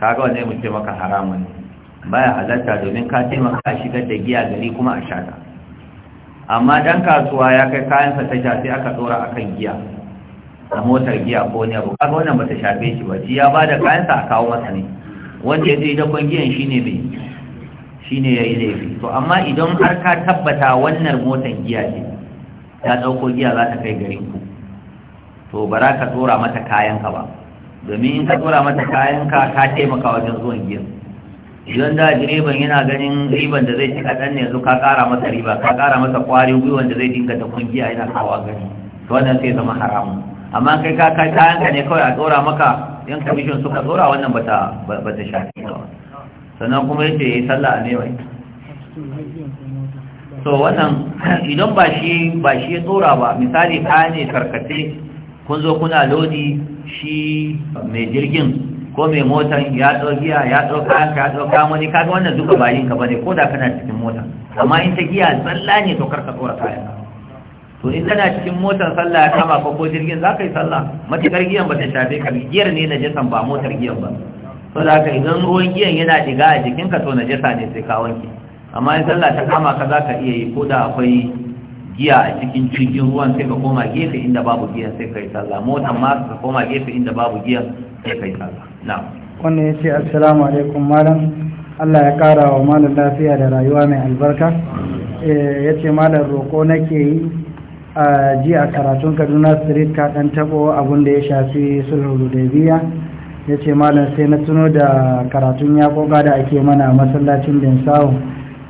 kaga wanda ya ce maka haramun baya halatta domin ka taimaka a shigar da giya gari kuma a shata amma dan kasuwa ya kai kayansa ta shafi aka dora akan giya a motar giya ko ne abu kaga wannan ta shafe shi ba shi ya bada kayansa a kawo masa ne wanda ya zai dakon giyan shine mai shine yayi laifi to amma idan har ka tabbata wannan motar giya ce ta dauko giya za ta kai garin ku to bara ka tsora mata kayanka ba domin in ka tsora mata kayanka ka taimaka wajen zuwan giyan idan da direban yana ganin riban da zai ci kaɗan ne yanzu ka kara masa riba ka ƙara masa ƙwari gwiwan da zai dinga ta kungiya yana kawa gani to wannan sai zama haramu, amma kai ka kai yanka ne kawai a tsora maka yan kamishin suka tsora wannan bata bata shafi ba sannan kuma yace yayi sallah a mewai to wannan idan ba shi ba shi ya tsora ba misali kaya ne karkace kun zo kuna lodi shi mai jirgin ko mai motan ya ɗau giya ya ɗau kayan ka ya ɗau kayan wani kaga wannan duka bayin ka bane ko da kana cikin mota amma in ta giya tsalla ne to karka tsora kayan to in kana cikin motar sallah ya kama ko jirgin za ka yi sallah matuƙar giyan ba ta shafe ka giyar ne na jasan ba motar giyan ba to da ka idan ruwan giyan yana diga a ka to na jasa ne sai ka wanke amma in sallah ta kama ka za ka iya yi ko da akwai giya a cikin cikin ruwan sai ka koma gefe inda babu giyan sai ka yi sallah motan ma ka koma gefe inda babu giyan sai ka yi sallah wannan ya ce assalamu alaikum malam allah ya kara wa malam lafiya da rayuwa mai albarka eh, ya ce malam roƙo nake yi a ji a karatun kaduna street ka ɗan taɓo abin da ya shafi sulhu biya ya ce malam sai na tuno da karatun ya koga da ake mana masallacin bin sawo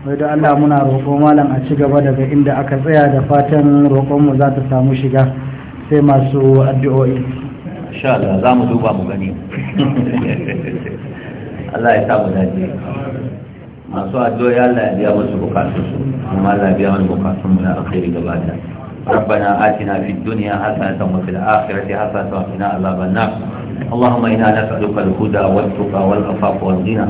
wai da allah muna roko malam a ci gaba daga inda aka tsaya da fatan roƙonmu za ta samu shiga sai masu addu'o'i insha Allah za mu duba mu gani Allah ya samu dace masu addu'a ya Allah ya biya musu bukatun su kuma Allah ya biya mana bukatun mu na alkhairi gaba da ربنا آتنا في الدنيا حسنة وفي الآخرة حسنة وقنا عذاب النار اللهم إنا نسألك الهدى والتقى والعفاف والغنى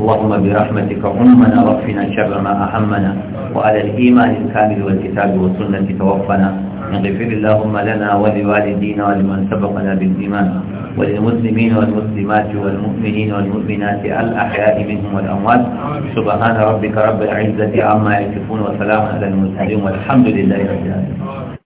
اللهم برحمتك أمنا واغفنا شر ما أهمنا وعلى الإيمان الكامل والكتاب والسنة توفنا اغفر اللهم لنا ولوالدينا ولمن سبقنا بالإيمان وللمسلمين والمسلمات والمؤمنين والمؤمنات الأحياء منهم والأموات سبحان ربك رب العزة عما يصفون وسلام على المرسلين والحمد لله رب العالمين